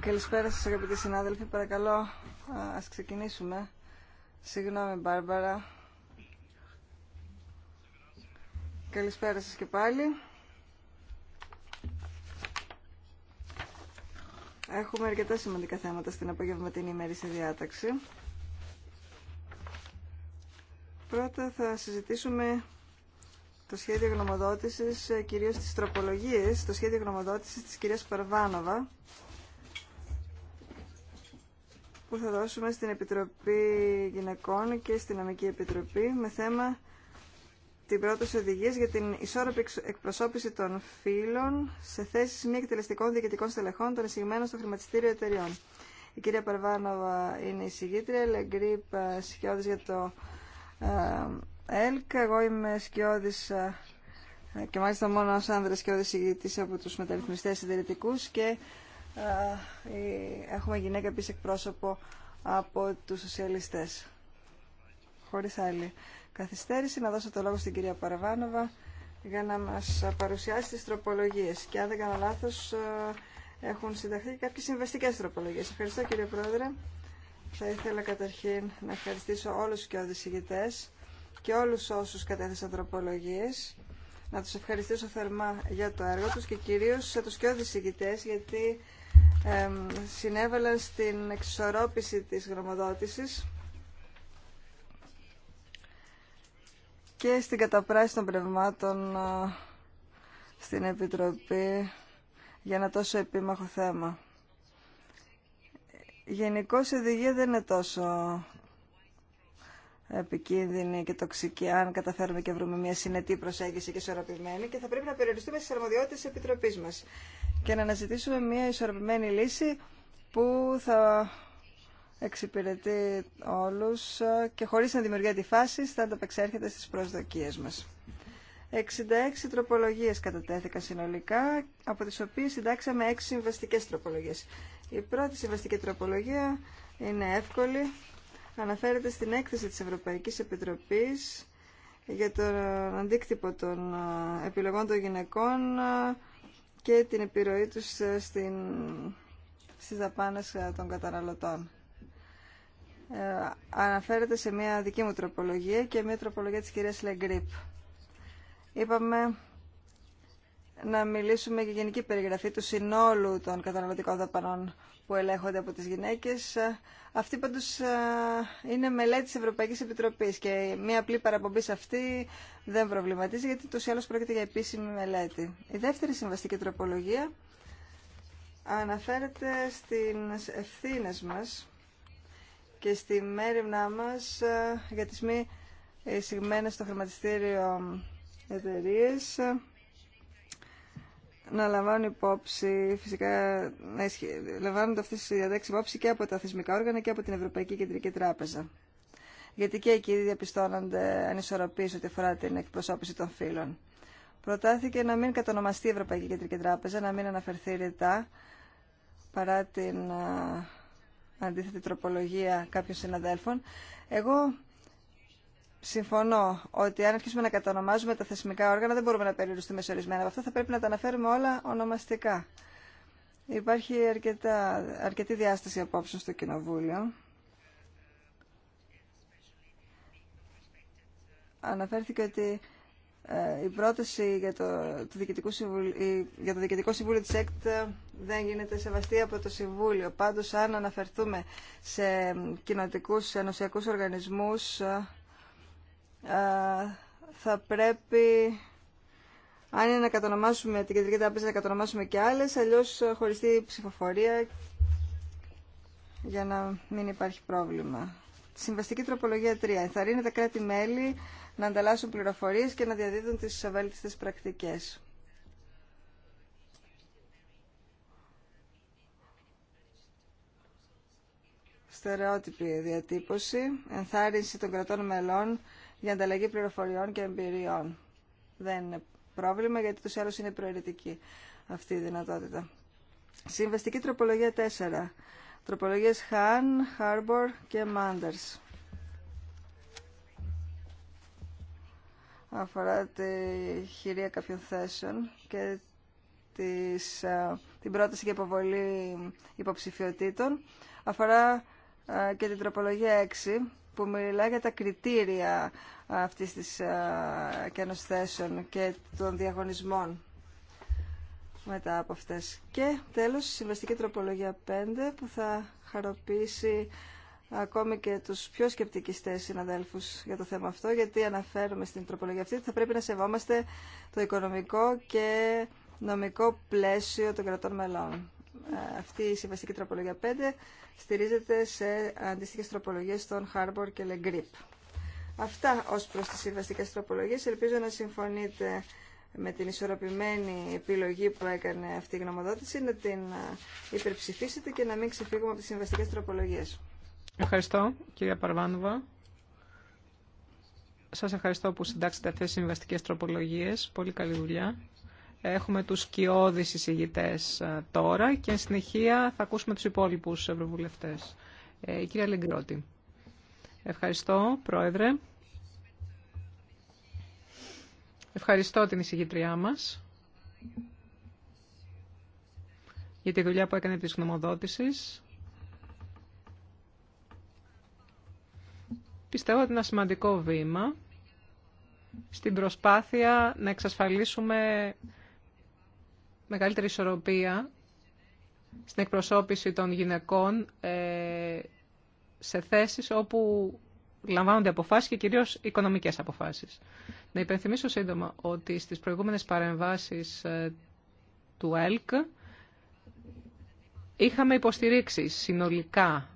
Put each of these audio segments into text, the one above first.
Καλησπέρα σας αγαπητοί συνάδελφοι. Παρακαλώ, ας ξεκινήσουμε. Συγγνώμη, Μπάρμπαρα. Καλησπέρα σας και πάλι. Έχουμε αρκετά σημαντικά θέματα στην απογευματινή ημέρη σε διάταξη. Πρώτα θα συζητήσουμε το σχέδιο γνωμοδότησης, ε, κυρίως τις τροπολογίες, το σχέδιο γνωμοδότησης της κυρίας Παρβάνοβα, που θα δώσουμε στην Επιτροπή Γυναικών και στην Νομική Επιτροπή με θέμα την πρόταση οδηγία για την ισόρροπη εκπροσώπηση των φύλων σε θέσεις μη εκτελεστικών διοικητικών στελεχών των εισηγμένων στο χρηματιστήριο εταιριών. Η κυρία Παρβάνοβα είναι η συγγήτρια, ε, για το ε, ΕΛΚ. Εγώ είμαι σκιώδης ε, και μάλιστα μόνο ως άνδρας σκιώδης ηγητής από τους μεταρρυθμιστές συντηρητικού και ε, έχουμε γυναίκα επίσης εκπρόσωπο από τους σοσιαλιστές. Χωρίς άλλη καθυστέρηση να δώσω το λόγο στην κυρία Παραβάνοβα για να μας παρουσιάσει τις τροπολογίες. Και αν δεν κάνω λάθος, ε, έχουν συνταχθεί κάποιες συμβαστικέ τροπολογίες. Ευχαριστώ κύριε Πρόεδρε. Θα ήθελα καταρχήν να ευχαριστήσω όλους και οδησηγητές και όλους όσους κατέθεσαν τροπολογίες. Να τους ευχαριστήσω θερμά για το έργο τους και κυρίως σε τους και οδησηγητές γιατί ε, συνέβαλαν στην εξισορρόπηση της γνωμοδότησης και στην καταπράση των πνευμάτων ε, στην Επιτροπή για ένα τόσο επίμαχο θέμα. Γενικώ η οδηγία δεν είναι τόσο επικίνδυνη και τοξική αν καταφέρουμε και βρούμε μια συνετή προσέγγιση και ισορροπημένη και θα πρέπει να περιοριστούμε στι αρμοδιότητε τη επιτροπή μα. και να αναζητήσουμε μια ισορροπημένη λύση που θα εξυπηρετεί όλου και χωρί να δημιουργεί αντιφάσει, θα ανταπεξέρχεται στι προσδοκίε μα. 66 τροπολογίε κατατέθηκαν συνολικά, από τι οποίε συντάξαμε 6 συμβαστικέ τροπολογίες. Η πρώτη συμβαστική τροπολογία είναι εύκολη, αναφέρεται στην έκθεση της Ευρωπαϊκής Επιτροπής για τον αντίκτυπο των ε, επιλογών των γυναικών ε, και την επιρροή τους ε, στην, στις δαπάνες των καταναλωτών. αναφέρεται σε μια δική μου τροπολογία και μια τροπολογία της κυρίας Λεγκρίπ. Είπαμε να μιλήσουμε για γενική περιγραφή του συνόλου των καταναλωτικών δαπανών που ελέγχονται από τις γυναίκες. Αυτή πάντως ε, είναι μελέτη της Ευρωπαϊκής Επιτροπής και μια απλή παραπομπή σε αυτή δεν προβληματίζει γιατί τόσο άλλως πρόκειται για επίσημη μελέτη. Η δεύτερη συμβαστική τροπολογία αναφέρεται στην ευθύνε μας και στη μέρημνά μας ε, για τις μη εισηγμένες στο χρηματιστήριο εταιρείε να λαμβάνουν υπόψη, φυσικά να λαμβάνονται αυτές οι διαδέξεις υπόψη και από τα θεσμικά όργανα και από την Ευρωπαϊκή Κεντρική Τράπεζα. Γιατί και εκεί διαπιστώνονται ανισορροπίες ό,τι αφορά την εκπροσώπηση των φύλων. Προτάθηκε να μην κατονομαστεί η Ευρωπαϊκή Κεντρική Τράπεζα, να μην αναφερθεί ρητά, παρά την αντίθετη τροπολογία κάποιων συναδέλφων. Εγώ συμφωνώ ότι αν αρχίσουμε να κατανομάζουμε τα θεσμικά όργανα δεν μπορούμε να περιοριστούμε σε ορισμένα από αυτά, θα πρέπει να τα αναφέρουμε όλα ονομαστικά. Υπάρχει αρκετά, αρκετή διάσταση απόψεων στο Κοινοβούλιο. Αναφέρθηκε ότι ε, η πρόταση για το, το Διοικητικό Συμβούλιο, για το της ΕΚΤ ε, δεν γίνεται σεβαστή από το Συμβούλιο. Πάντως, αν αναφερθούμε σε ε, κοινοτικούς ενωσιακούς οργανισμούς, θα πρέπει, αν είναι να κατονομάσουμε την Κεντρική Τράπεζα, να κατονομάσουμε και άλλες, αλλιώς η ψηφοφορία για να μην υπάρχει πρόβλημα. Συμβαστική τροπολογία 3. Ενθαρρύνει τα κράτη-μέλη να ανταλλάσσουν πληροφορίες και να διαδίδουν τις ευέλικτε πρακτικές. Στερεότυπη διατύπωση. Ενθάρρυνση των κρατών μελών για ανταλλαγή πληροφοριών και εμπειριών. Δεν είναι πρόβλημα γιατί τους άλλους είναι προαιρετική αυτή η δυνατότητα. Συμβαστική τροπολογία 4. Τροπολογίες Χάν, Χάρμπορ και Μάντερς. Αφορά τη χειρία κάποιων θέσεων και της, ε, την πρόταση για υποβολή υποψηφιωτήτων. Αφορά ε, και την τροπολογία 6 που μιλάει για τα κριτήρια αυτής της κένος και των διαγωνισμών μετά από αυτές. Και τέλος, συμβαστική τροπολογία 5 που θα χαροποιήσει ακόμη και τους πιο σκεπτικιστές συναδέλφους για το θέμα αυτό, γιατί αναφέρουμε στην τροπολογία αυτή ότι θα πρέπει να σεβόμαστε το οικονομικό και νομικό πλαίσιο των κρατών μελών αυτή η συμβαστική τροπολογία 5 στηρίζεται σε αντίστοιχε τροπολογίε των Harbor και Le Αυτά ω προ τι συμβαστικέ τροπολογίε. Ελπίζω να συμφωνείτε με την ισορροπημένη επιλογή που έκανε αυτή η γνωμοδότηση, να την υπερψηφίσετε και να μην ξεφύγουμε από τι συμβαστικέ τροπολογίε. Ευχαριστώ, κυρία Παρβάνουβα. Σας ευχαριστώ που συντάξετε αυτές τις συμβαστικές τροπολογίες. Πολύ καλή δουλειά. Έχουμε τους κοιόδης εισηγητές ε, τώρα και εν συνεχεία θα ακούσουμε τους υπόλοιπους ευρωβουλευτές. Ε, η κυρία Λεγκρότη. Ευχαριστώ, Πρόεδρε. Ευχαριστώ την εισηγητριά μας για τη δουλειά που έκανε της γνωμοδότησης. Πιστεύω ότι είναι ένα σημαντικό βήμα στην προσπάθεια να εξασφαλίσουμε μεγαλύτερη ισορροπία στην εκπροσώπηση των γυναικών ε, σε θέσεις όπου λαμβάνονται αποφάσεις και κυρίως οικονομικές αποφάσεις. Να υπενθυμίσω σύντομα ότι στις προηγούμενες παρεμβάσεις ε, του ΕΛΚ είχαμε υποστηρίξει συνολικά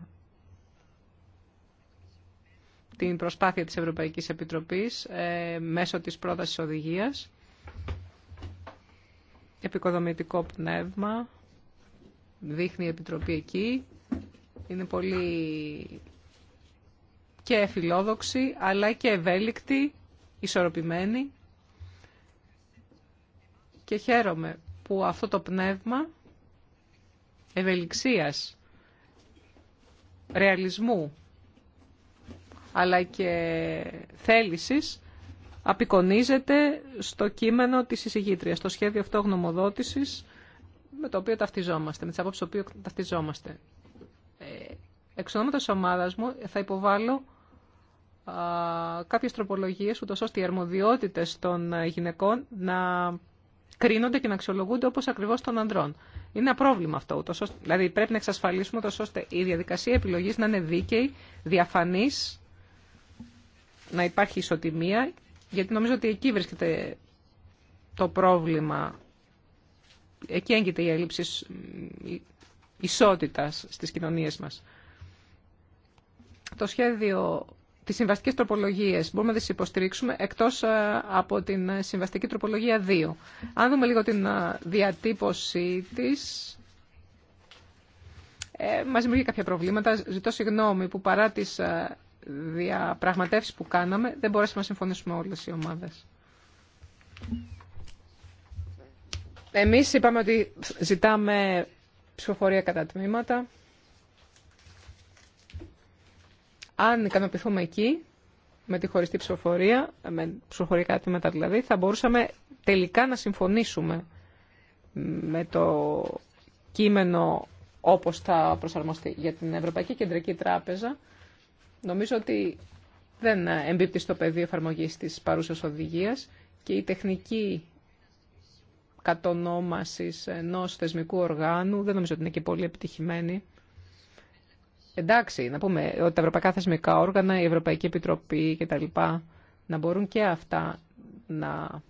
την προσπάθεια της Ευρωπαϊκής Επιτροπής ε, μέσω της πρότασης οδηγίας επικοδομητικό πνεύμα, δείχνει η Επιτροπή εκεί. Είναι πολύ και φιλόδοξη, αλλά και ευέλικτη, ισορροπημένη. Και χαίρομαι που αυτό το πνεύμα ευελιξίας, ρεαλισμού, αλλά και θέλησης, απεικονίζεται στο κείμενο της εισηγήτριας, στο σχέδιο αυτό γνωμοδότησης με το οποίο ταυτιζόμαστε, με τις απόψεις το ταυτιζόμαστε. Ε, εξ ονόματος ομάδας μου θα υποβάλω α, κάποιες τροπολογίες, ούτως ώστε οι αρμοδιότητες των γυναικών να κρίνονται και να αξιολογούνται όπως ακριβώς των ανδρών. Είναι ένα πρόβλημα αυτό. δηλαδή πρέπει να εξασφαλίσουμε ούτως ώστε η διαδικασία επιλογής να είναι δίκαιη, διαφανής, να υπάρχει ισοτιμία γιατί νομίζω ότι εκεί βρίσκεται το πρόβλημα, εκεί έγκυται η έλλειψη ισότητας στις κοινωνίες μας. Το σχέδιο, της συμβαστικές τροπολογίες μπορούμε να τις υποστηρίξουμε εκτός ε, από την συμβαστική τροπολογία 2. Αν δούμε λίγο την ε, διατύπωση της, ε, μας δημιουργεί κάποια προβλήματα. Ζητώ συγγνώμη που παρά τις ε, διαπραγματεύσεις που κάναμε δεν μπορέσαμε να συμφωνήσουμε όλες οι ομάδες. Εμείς είπαμε ότι ζητάμε ψηφοφορία κατά τμήματα. Αν ικανοποιηθούμε εκεί, με τη χωριστή ψηφοφορία, με ψηφοφορία κατά τμήματα δηλαδή, θα μπορούσαμε τελικά να συμφωνήσουμε με το κείμενο όπως θα προσαρμοστεί για την Ευρωπαϊκή Κεντρική Τράπεζα. Νομίζω ότι δεν εμπίπτει στο πεδίο εφαρμογή της παρούσα οδηγίας και η τεχνική κατονόμαση ενό θεσμικού οργάνου δεν νομίζω ότι είναι και πολύ επιτυχημένη. Εντάξει, να πούμε ότι τα ευρωπαϊκά θεσμικά όργανα, η Ευρωπαϊκή Επιτροπή κτλ. να μπορούν και αυτά να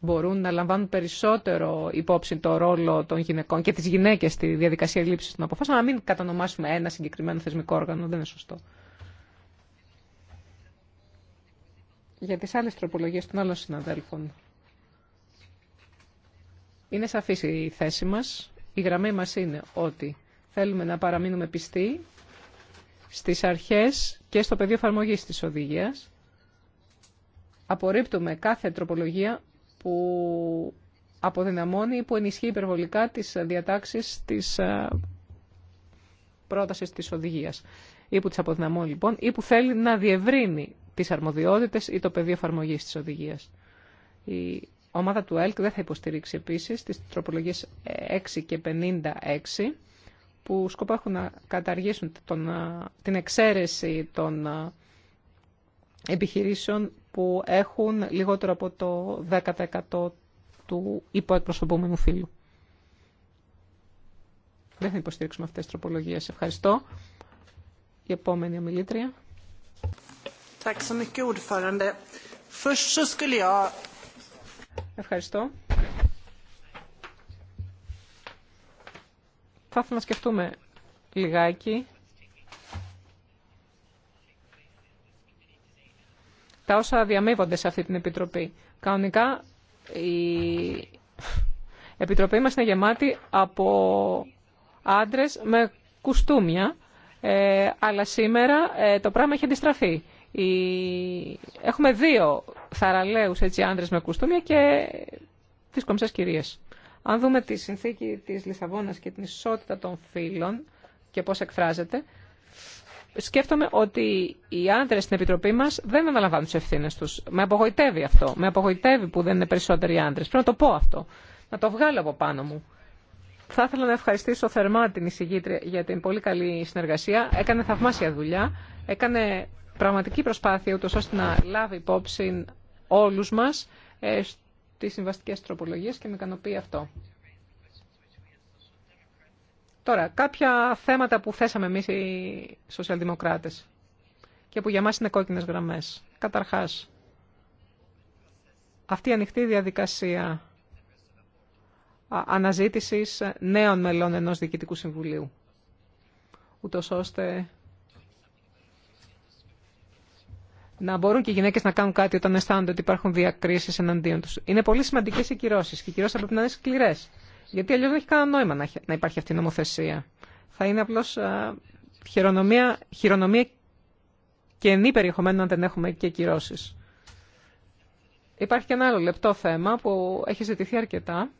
μπορούν να λαμβάνουν περισσότερο υπόψη το ρόλο των γυναικών και τις γυναίκες στη διαδικασία λήψης των αποφάσεων, να μην κατανομάσουμε ένα συγκεκριμένο θεσμικό όργανο, δεν είναι σωστό. Για τις άλλες τροπολογίες των άλλων συναδέλφων. Είναι σαφής η θέση μας. Η γραμμή μας είναι ότι θέλουμε να παραμείνουμε πιστοί στις αρχές και στο πεδίο εφαρμογή της οδηγίας. Απορρίπτουμε κάθε τροπολογία που αποδυναμώνει ή που ενισχύει υπερβολικά τις διατάξεις της ε, πρότασης της οδηγίας ή που τις αποδυναμώνει λοιπόν ή που θέλει να διευρύνει τις αρμοδιότητες ή το πεδίο εφαρμογή της οδηγίας. Η ομάδα του ΕΛΚ δεν θα υποστηρίξει επίσης τις τροπολογίες 6 και 56 που σκοπό έχουν να καταργήσουν τον, ε, την εξαίρεση των ε, επιχειρήσεων που έχουν λιγότερο από το 10% του υποεκπροσωπούμενου φύλου. Δεν θα υποστηρίξουμε αυτές τις τροπολογίες. Ευχαριστώ. Η επόμενη ομιλήτρια. Ευχαριστώ. Θα ήθελα να σκεφτούμε λιγάκι τα όσα διαμείβονται σε αυτή την Επιτροπή. Κανονικά η Επιτροπή μας είναι γεμάτη από άντρες με κουστούμια, ε, αλλά σήμερα ε, το πράγμα έχει αντιστραφεί. Έχουμε δύο θαραλέους έτσι, άντρες με κουστούμια και τις κομψές κυρίες. Αν δούμε τη συνθήκη της Λισαβόνας και την ισότητα των φύλων και πώς εκφράζεται, σκέφτομαι ότι οι άνδρες στην Επιτροπή μας δεν αναλαμβάνουν τις ευθύνες τους. Με απογοητεύει αυτό. Με απογοητεύει που δεν είναι περισσότεροι άνδρες. Πρέπει να το πω αυτό. Να το βγάλω από πάνω μου. Θα ήθελα να ευχαριστήσω θερμά την εισηγήτρια για την πολύ καλή συνεργασία. Έκανε θαυμάσια δουλειά. Έκανε πραγματική προσπάθεια ούτως ώστε να λάβει υπόψη όλους μας ε, στις συμβαστικές τροπολογίες και με ικανοποιεί αυτό. Τώρα, κάποια θέματα που θέσαμε εμείς οι σοσιαλδημοκράτες και που για μας είναι κόκκινες γραμμές. Καταρχάς, αυτή η ανοιχτή διαδικασία αναζήτησης νέων μελών ενός Διοικητικού Συμβουλίου, ούτως ώστε να μπορούν και οι γυναίκες να κάνουν κάτι όταν αισθάνονται ότι υπάρχουν διακρίσεις εναντίον τους. Είναι πολύ σημαντικές οι κυρώσεις και οι κυρώσεις θα πρέπει να είναι σκληρές. Γιατί αλλιώ δεν έχει κανένα νόημα να υπάρχει αυτή η νομοθεσία. Θα είναι απλώ ε, χειρονομία, χειρονομία κενή περιεχομένου αν δεν έχουμε και κυρώσει. Υπάρχει και ένα άλλο λεπτό θέμα που έχει ζητηθεί αρκετά.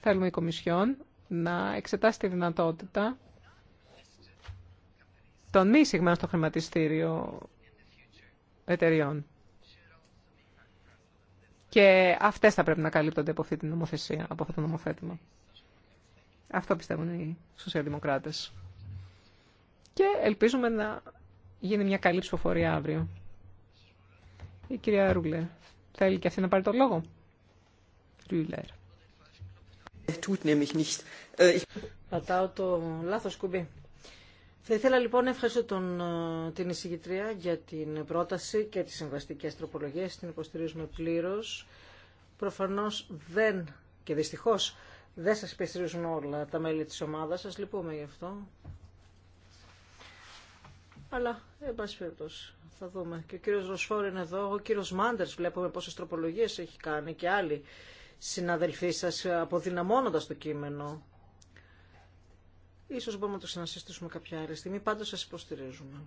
Θέλουμε η Κομισιόν να εξετάσει τη δυνατότητα των μη εισηγμένων στο χρηματιστήριο εταιριών. Και αυτές θα πρέπει να καλύπτονται από αυτή την νομοθεσία, από αυτό το νομοθέτημα. Αυτό πιστεύουν οι σοσιαλδημοκράτε. Και ελπίζουμε να γίνει μια καλή ψηφοφορία αύριο. Η κυρία Ρούλε, Θέλει και αυτή να πάρει το λόγο. Ρούλερ. Äh, Πατάω το λάθος κουμπί. Θα ήθελα λοιπόν να ευχαριστώ τον, ε, την εισηγητρία για την πρόταση και τις συμβαστικές τροπολογίες. Την υποστηρίζουμε πλήρως. Προφανώς δεν και δυστυχώς δεν σας υποστηρίζουν όλα τα μέλη της ομάδας σας. Λυπούμε γι' αυτό. Αλλά, εν πάση θα δούμε. Και ο κύριος Ροσφόρ είναι εδώ. Ο κύριος Μάντερς βλέπουμε πόσες τροπολογίες έχει κάνει και άλλοι συναδελφοί σας αποδυναμώνοντας το κείμενο. Ίσως μπορούμε να το συνασύστησουμε κάποια άλλη στιγμή. Πάντως σας υποστηρίζουμε.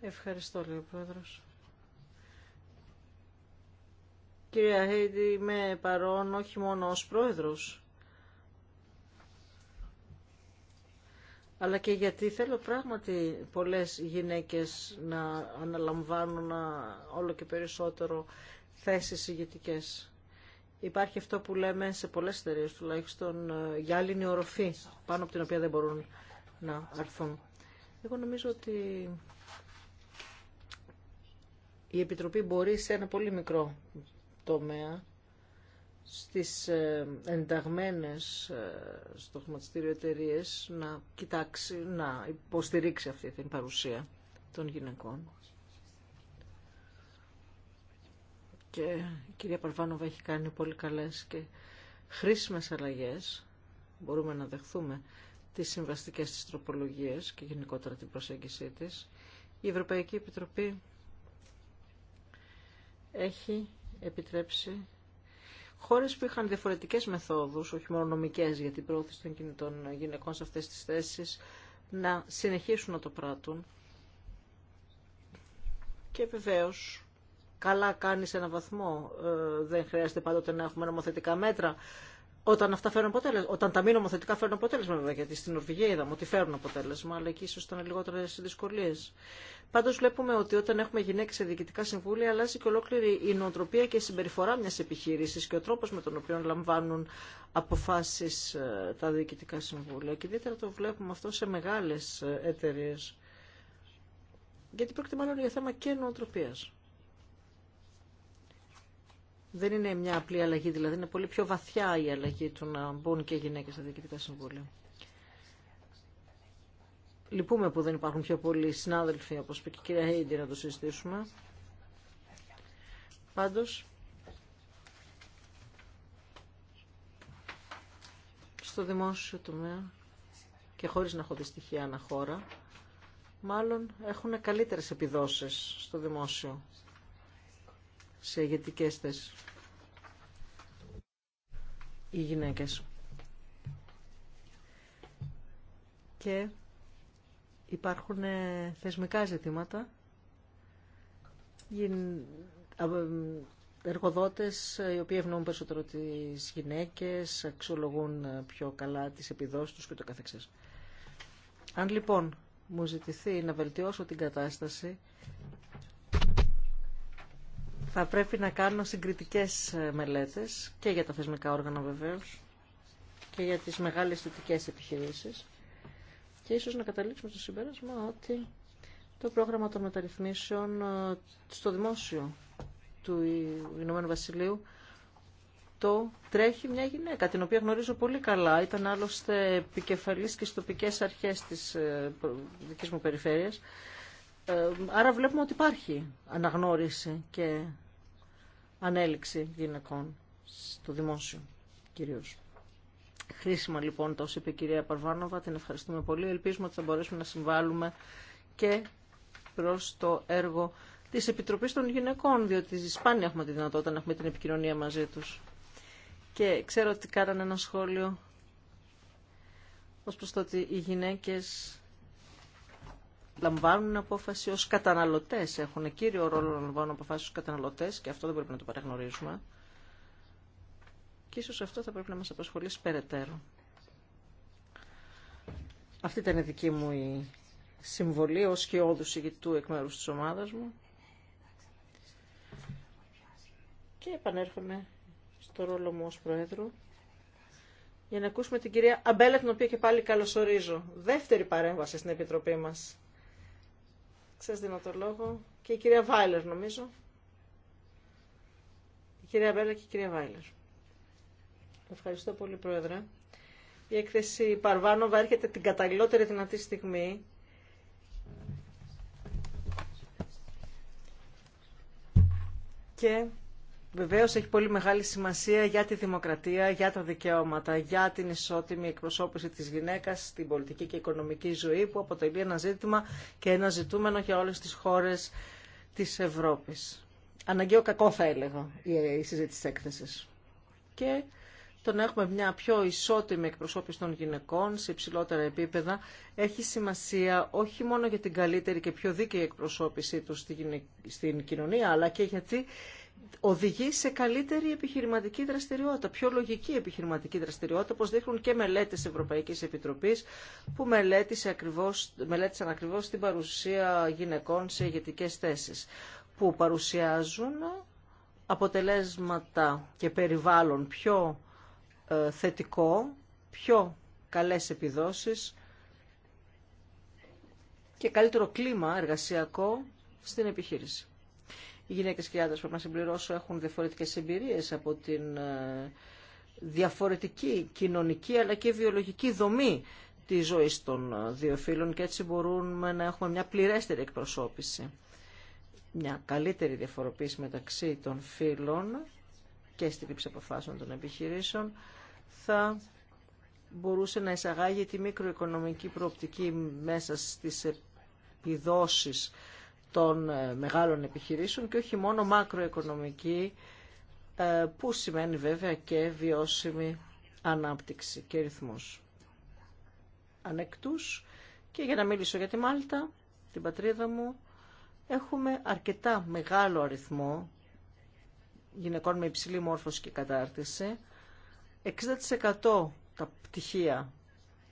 Ευχαριστώ, λέει ο Πρόεδρος. Κυρία Χέιντι, είμαι παρόν όχι μόνο ως Πρόεδρος, αλλά και γιατί θέλω πράγματι πολλές γυναίκες να αναλαμβάνουν όλο και περισσότερο θέσεις ηγετικές. Υπάρχει αυτό που λέμε σε πολλέ εταιρείε τουλάχιστον ε, γυάλινη οροφή πάνω από την οποία δεν μπορούν να αρθούν. Εγώ νομίζω ότι η Επιτροπή μπορεί σε ένα πολύ μικρό τομέα στις ε, ενταγμένες ε, στο χρηματιστήριο εταιρείε να κοιτάξει, να υποστηρίξει αυτή την παρουσία των γυναικών. και η κυρία Παρβάνοβα έχει κάνει πολύ καλές και χρήσιμες αλλαγές. Μπορούμε να δεχθούμε τις συμβαστικές της τροπολογίες και γενικότερα την προσέγγιση της. Η Ευρωπαϊκή Επιτροπή έχει επιτρέψει χώρες που είχαν διαφορετικές μεθόδους, όχι μόνο νομικές για την πρόθεση των κινητών γυναικών σε αυτές τις θέσεις, να συνεχίσουν να το πράττουν. Και βεβαίως καλά κάνει σε έναν βαθμό. Ε, δεν χρειάζεται πάντοτε να έχουμε νομοθετικά μέτρα. Όταν αυτά φέρουν αποτέλεσμα, όταν τα μη νομοθετικά φέρουν αποτέλεσμα, βέβαια, γιατί στην Νορβηγία είδαμε ότι φέρουν αποτέλεσμα, αλλά εκεί ίσω ήταν λιγότερε δυσκολίε. Πάντω βλέπουμε ότι όταν έχουμε γυναίκε σε διοικητικά συμβούλια, αλλάζει και ολόκληρη η νοοτροπία και η συμπεριφορά μια επιχείρηση και ο τρόπο με τον οποίο λαμβάνουν αποφάσει ε, τα διοικητικά συμβούλια. Και ιδιαίτερα το βλέπουμε αυτό σε μεγάλε εταιρείε. Γιατί πρόκειται μάλλον για θέμα και νοοτροπία. Δεν είναι μια απλή αλλαγή, δηλαδή είναι πολύ πιο βαθιά η αλλαγή του να μπουν και γυναίκες στα διοικητικά συμβούλια. Λυπούμε που δεν υπάρχουν πιο πολλοί συνάδελφοι, όπως είπε και η κυρία Χέιντι, να το συζητήσουμε. Πάντως, στο δημόσιο τομέα και χωρίς να έχω δει στοιχεία αναχώρα, μάλλον έχουν καλύτερες επιδόσεις στο δημόσιο σε ηγετικέ θέσει. Οι γυναίκες. Και υπάρχουν ε, θεσμικά ζητήματα. Εργοδότες ε, οι οποίοι ευνοούν περισσότερο τις γυναίκες, αξιολογούν ε, πιο καλά τις επιδόσεις τους και το καθεξές. Αν λοιπόν μου ζητηθεί να βελτιώσω την κατάσταση, θα πρέπει να κάνω συγκριτικές ε, μελέτες και για τα θεσμικά όργανα βεβαίως και για τις μεγάλες θετικές επιχειρήσεις και ίσως να καταλήξουμε στο συμπέρασμα ότι το πρόγραμμα των μεταρρυθμίσεων ε, στο δημόσιο του Ηνωμένου Βασιλείου το τρέχει μια γυναίκα, την οποία γνωρίζω πολύ καλά. Ήταν άλλωστε επικεφαλής και στις τοπικές αρχές της ε, δικής μου περιφέρειας. Άρα βλέπουμε ότι υπάρχει αναγνώριση και ανέλυξη γυναικών στο δημόσιο κυρίως. Χρήσιμα λοιπόν το είπε η κυρία Παρβάνοβα, την ευχαριστούμε πολύ. Ελπίζουμε ότι θα μπορέσουμε να συμβάλλουμε και προς το έργο της Επιτροπής των Γυναικών, διότι σπάνια έχουμε τη δυνατότητα να έχουμε την επικοινωνία μαζί τους. Και ξέρω ότι κάνανε ένα σχόλιο ως προς το ότι οι γυναίκες λαμβάνουν απόφαση ως καταναλωτές, έχουν κύριο ρόλο να λαμβάνουν αποφάσεις ως καταναλωτές και αυτό δεν πρέπει να το παραγνωρίζουμε. Και ίσως αυτό θα πρέπει να μας απασχολήσει περαιτέρω. Αυτή ήταν η δική μου η συμβολή ως και όδου ηγητού εκ μέρους της ομάδας μου. Και επανέρχομαι στο ρόλο μου ως Προέδρου για να ακούσουμε την κυρία Αμπέλα, την οποία και πάλι καλωσορίζω. Δεύτερη παρέμβαση στην Επιτροπή μας. Σα δίνω το λόγο. Και η κυρία Βάιλερ νομίζω. Η κυρία Μπέλα και η κυρία Βάιλερ. Ευχαριστώ πολύ Πρόεδρε. Η έκθεση Παρβάνοβα έρχεται την καταλληλότερη δυνατή στιγμή. Και βεβαίως έχει πολύ μεγάλη σημασία για τη δημοκρατία, για τα δικαιώματα, για την ισότιμη εκπροσώπηση της γυναίκας στην πολιτική και οικονομική ζωή που αποτελεί ένα ζήτημα και ένα ζητούμενο για όλες τις χώρες της Ευρώπης. Αναγκαίο κακό θα έλεγα η συζήτηση της έκθεσης. Και το να έχουμε μια πιο ισότιμη εκπροσώπηση των γυναικών σε υψηλότερα επίπεδα έχει σημασία όχι μόνο για την καλύτερη και πιο δίκαιη εκπροσώπησή τους στην κοινωνία, αλλά και γιατί οδηγεί σε καλύτερη επιχειρηματική δραστηριότητα, πιο λογική επιχειρηματική δραστηριότητα, όπως δείχνουν και μελέτες Ευρωπαϊκής Επιτροπής, που μελέτησε ακριβώς, μελέτησαν ακριβώς την παρουσία γυναικών σε ηγετικές θέσεις, που παρουσιάζουν αποτελέσματα και περιβάλλον πιο ε, θετικό, πιο καλές επιδόσεις και καλύτερο κλίμα εργασιακό στην επιχείρηση. Οι γυναίκε και οι άντρε που να συμπληρώσω έχουν διαφορετικές εμπειρίες από την ε, διαφορετική κοινωνική αλλά και βιολογική δομή τη ζωή των ε, δύο φίλων και έτσι μπορούμε να έχουμε μια πληρέστερη εκπροσώπηση. Μια καλύτερη διαφοροποίηση μεταξύ των φίλων και στην λήψη αποφάσεων των επιχειρήσεων θα μπορούσε να εισαγάγει τη μικροοικονομική προοπτική μέσα στις επιδόσεις των ε, μεγάλων επιχειρήσεων και όχι μόνο μακροοικονομική, ε, που σημαίνει βέβαια και βιώσιμη ανάπτυξη και ρυθμός ανεκτούς. Και για να μιλήσω για τη Μάλτα, την πατρίδα μου, έχουμε αρκετά μεγάλο αριθμό γυναικών με υψηλή μόρφωση και κατάρτιση. 60% τα πτυχία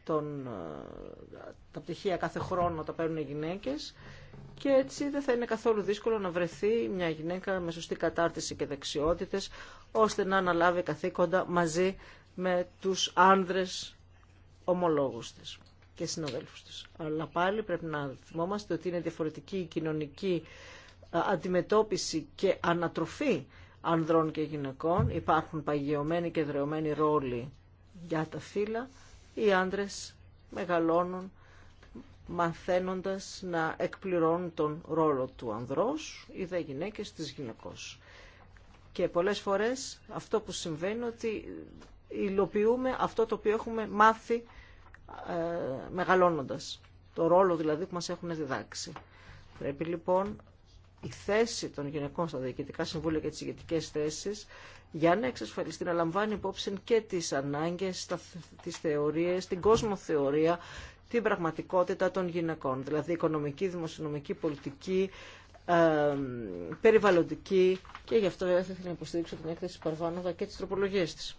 τον, ε, τα πτυχία κάθε χρόνο τα παίρνουν οι γυναίκες και έτσι δεν θα είναι καθόλου δύσκολο να βρεθεί μια γυναίκα με σωστή κατάρτιση και δεξιότητες ώστε να αναλάβει καθήκοντα μαζί με τους άνδρες ομολόγους της και συναδέλφους της. Αλλά πάλι πρέπει να θυμόμαστε ότι είναι διαφορετική η κοινωνική ε, αντιμετώπιση και ανατροφή ανδρών και γυναικών. Υπάρχουν παγιωμένοι και δρεωμένοι ρόλοι για τα φύλλα οι άντρες μεγαλώνουν μαθαίνοντας να εκπληρώνουν τον ρόλο του ανδρός ή δε γυναίκες της γυναικός. Και πολλές φορές αυτό που συμβαίνει είναι ότι υλοποιούμε αυτό το οποίο έχουμε μάθει ε, μεγαλώνοντας. Το ρόλο δηλαδή που μας έχουν διδάξει. Πρέπει λοιπόν η θέση των γυναικών στα διοικητικά συμβούλια και τις ηγετικέ θέσεις για να εξασφαλιστεί να λαμβάνει υπόψη και τις ανάγκες, τις θεωρίες, την κόσμοθεωρία, την πραγματικότητα των γυναικών. Δηλαδή οικονομική, δημοσιονομική, πολιτική, ε, περιβαλλοντική και γι' αυτό θα ήθελα να υποστηρίξω την έκθεση Παρβάνοδα και τις τροπολογίες της.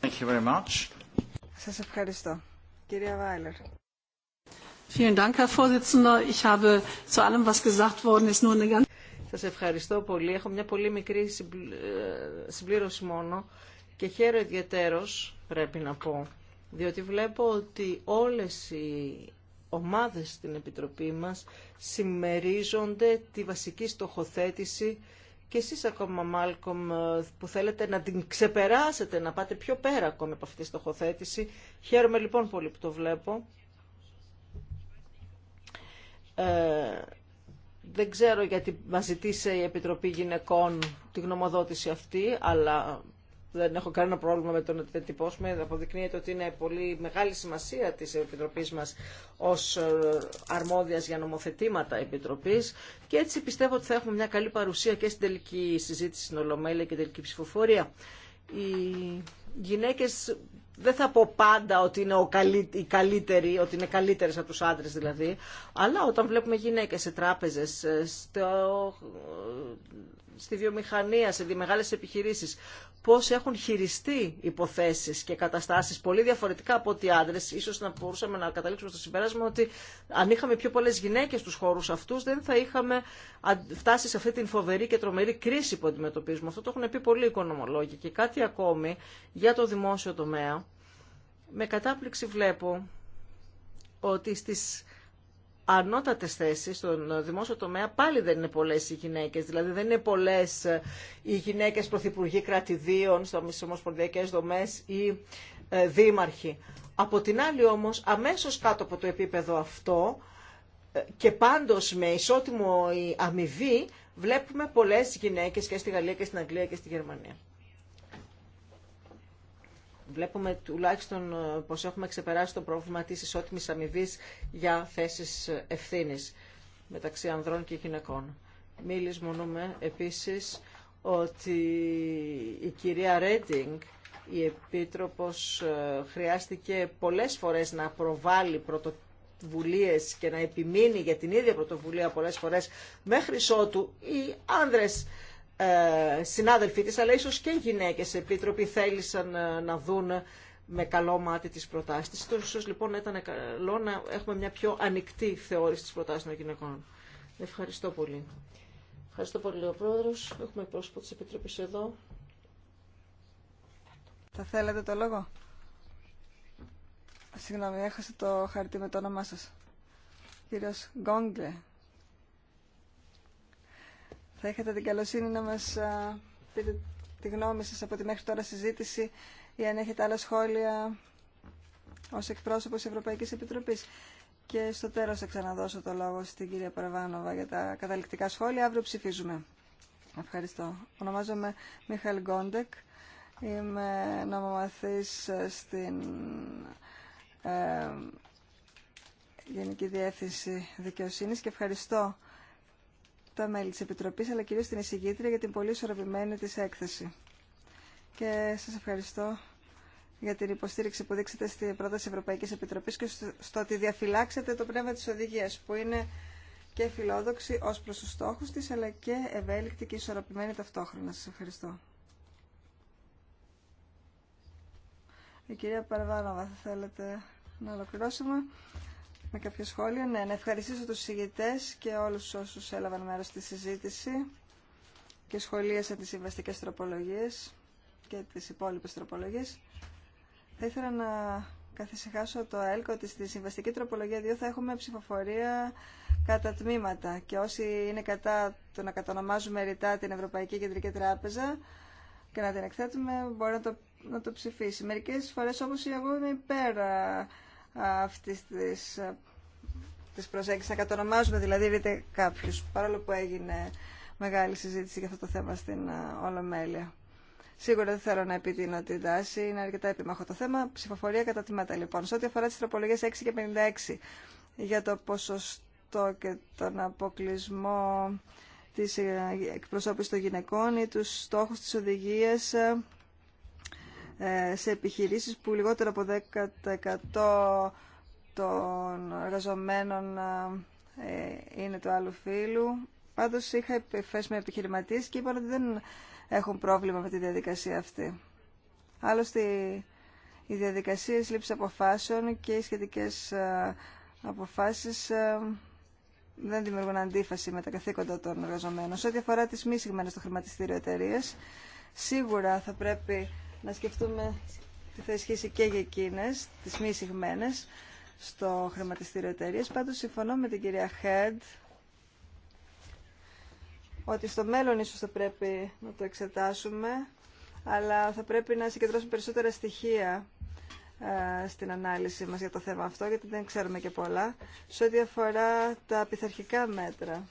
Thank Σας ευχαριστώ. Κυρία σας ευχαριστώ πολύ. Έχω μια πολύ μικρή ε, συμπλήρωση μόνο και χαίρομαι ιδιαίτερος, πρέπει να πω, διότι βλέπω ότι όλες οι ομάδες στην Επιτροπή μας συμμερίζονται τη βασική στοχοθέτηση και εσείς ακόμα Μάλκομ που θέλετε να την ξεπεράσετε, να πάτε πιο πέρα ακόμα από αυτή τη στοχοθέτηση. Χαίρομαι λοιπόν πολύ που το βλέπω. Ε, δεν ξέρω γιατί μα ζητήσε η Επιτροπή Γυναικών τη γνωμοδότηση αυτή, αλλά δεν έχω κανένα πρόβλημα με το να την τυπώσουμε. Αποδεικνύεται ότι είναι πολύ μεγάλη σημασία της Επιτροπής μας ως ε, αρμόδιας για νομοθετήματα Επιτροπής και έτσι πιστεύω ότι θα έχουμε μια καλή παρουσία και στην τελική συζήτηση στην Ολομέλεια και τελική ψηφοφορία. Οι γυναίκε δεν θα πω πάντα ότι είναι ο καλύ, οι καλύτεροι, ότι είναι καλύτερες από τους άντρες δηλαδή, αλλά όταν βλέπουμε γυναίκες σε τράπεζες, ε, στο στη βιομηχανία, σε μεγάλε επιχειρήσεις, πώς έχουν χειριστεί υποθέσει και καταστάσεις πολύ διαφορετικά από ότι άντρε, Ίσως να μπορούσαμε να καταλήξουμε στο συμπέρασμα ότι αν είχαμε πιο πολλές γυναίκες στους χώρους αυτούς δεν θα είχαμε φτάσει σε αυτή την φοβερή και τρομερή κρίση που αντιμετωπίζουμε. Αυτό το έχουν πει πολλοί οικονομολόγοι. Και κάτι ακόμη για το δημόσιο τομέα. Με κατάπληξη βλέπω ότι στις ανώτατε θέσει στον δημόσιο τομέα πάλι δεν είναι πολλέ οι γυναίκε. Δηλαδή δεν είναι πολλέ οι γυναίκε πρωθυπουργοί κρατηδίων, στι ομοσπονδιακέ δομέ ή ε, δήμαρχοι. Από την άλλη όμως, αμέσως κάτω από το επίπεδο αυτό ε, και πάντως με ισότιμο αμοιβή, βλέπουμε πολλές γυναίκες και στη Γαλλία και στην Αγγλία και στη Γερμανία βλέπουμε τουλάχιστον ε, πως έχουμε ξεπεράσει το πρόβλημα της ισότιμης αμοιβή για θέσεις ευθύνη μεταξύ ανδρών και γυναικών. Μίλης μονούμε επίσης ότι η κυρία Ρέντινγκ, η Επίτροπος, ε, χρειάστηκε πολλές φορές να προβάλλει πρωτοβουλίες και να επιμείνει για την ίδια πρωτοβουλία πολλές φορές μέχρι ότου οι άνδρες ε, συνάδελφοί της, αλλά ίσως και γυναίκες επίτροποι θέλησαν ε, να δουν με καλό μάτι τις προτάσεις της. Ίσως λοιπόν ήταν καλό να έχουμε μια πιο ανοιχτή θεώρηση της προτάσεις των γυναικών. Ευχαριστώ πολύ. Ευχαριστώ πολύ ο Πρόεδρος. Έχουμε πρόσωπο της Επιτροπής εδώ. Θα θέλατε το λόγο. Συγγνώμη, έχασα το χαρτί με το όνομά σας. Κύριος Γκόγκλε. Θα είχατε την καλοσύνη να μας πείτε τη γνώμη σας από τη μέχρι τώρα συζήτηση ή αν έχετε άλλα σχόλια ως εκπρόσωπος Ευρωπαϊκής Επιτροπής. Και στο τέλος θα ξαναδώσω το λόγο στην κυρία Παραβάνοβα για τα καταληκτικά σχόλια. Αύριο ψηφίζουμε. Ευχαριστώ. Ονομάζομαι Μιχαήλ Γκόντεκ. Είμαι νομομαθής ε, στην ε, Γενική Διεύθυνση Δικαιοσύνης και ευχαριστώ τα μέλη της Επιτροπής, αλλά κυρίως την εισηγήτρια για την πολύ ισορροπημένη της έκθεση. Και σας ευχαριστώ για την υποστήριξη που δείξετε στη πρόταση Ευρωπαϊκής Επιτροπής και στο ότι διαφυλάξετε το πνεύμα της οδηγίας, που είναι και φιλόδοξη ως προς τους στόχους της, αλλά και ευέλικτη και ισορροπημένη ταυτόχρονα. Σας ευχαριστώ. Η κυρία Παρβάνοβα, θα θέλετε να ολοκληρώσουμε με κάποια σχόλια. Ναι, να ευχαριστήσω τους συγγητές και όλους όσους έλαβαν μέρος στη συζήτηση και σχολίασαν τις συμβαστικές τροπολογίες και τις υπόλοιπες τροπολογίες. Θα ήθελα να καθησυχάσω το έλκο ότι στη συμβαστική τροπολογία 2 θα έχουμε ψηφοφορία κατά τμήματα και όσοι είναι κατά το να κατανομάζουμε ρητά την Ευρωπαϊκή Κεντρική Τράπεζα και να την εκθέτουμε μπορεί να το, να το ψηφίσει. Μερικές φορές όμως εγώ είμαι υπέρα αυτής της, της προσέγγισης, να κατονομάζουμε δηλαδή είτε κάποιους, παρόλο που έγινε μεγάλη συζήτηση για αυτό το θέμα στην ε, Ολομέλεια. Σίγουρα δεν θέλω να επιτείνω την τάση, είναι αρκετά επιμαχό το θέμα. Ψηφοφορία κατά τμήματα λοιπόν. Σε ό,τι αφορά τι τροπολογίε 6 και 56 για το ποσοστό και τον αποκλεισμό τη ε, εκπροσώπηση των γυναικών ή του στόχου τη οδηγία ε, ε, σε επιχειρήσεις που λιγότερο από 10% των εργαζομένων ε, είναι του άλλου φύλου. Πάντως είχα επιφέσει με επιχειρηματίες και είπαν ότι δεν έχουν πρόβλημα με τη διαδικασία αυτή. Άλλωστε οι διαδικασίες λήψης αποφάσεων και οι σχετικές ε, αποφάσεις δεν δημιουργούν αντίφαση με τα καθήκοντα των εργαζομένων. Σε ό,τι αφορά τις μη στο χρηματιστήριο εταιρείε, σίγουρα θα πρέπει να σκεφτούμε τι θα ισχύσει και για εκείνε τις μη στο χρηματιστήριο εταιρείε. Πάντω, συμφωνώ με την κυρία Χέντ ότι στο μέλλον ίσως θα πρέπει να το εξετάσουμε, αλλά θα πρέπει να συγκεντρώσουμε περισσότερα στοιχεία ε, στην ανάλυση μας για το θέμα αυτό, γιατί δεν ξέρουμε και πολλά, σε ό,τι αφορά τα πειθαρχικά μέτρα.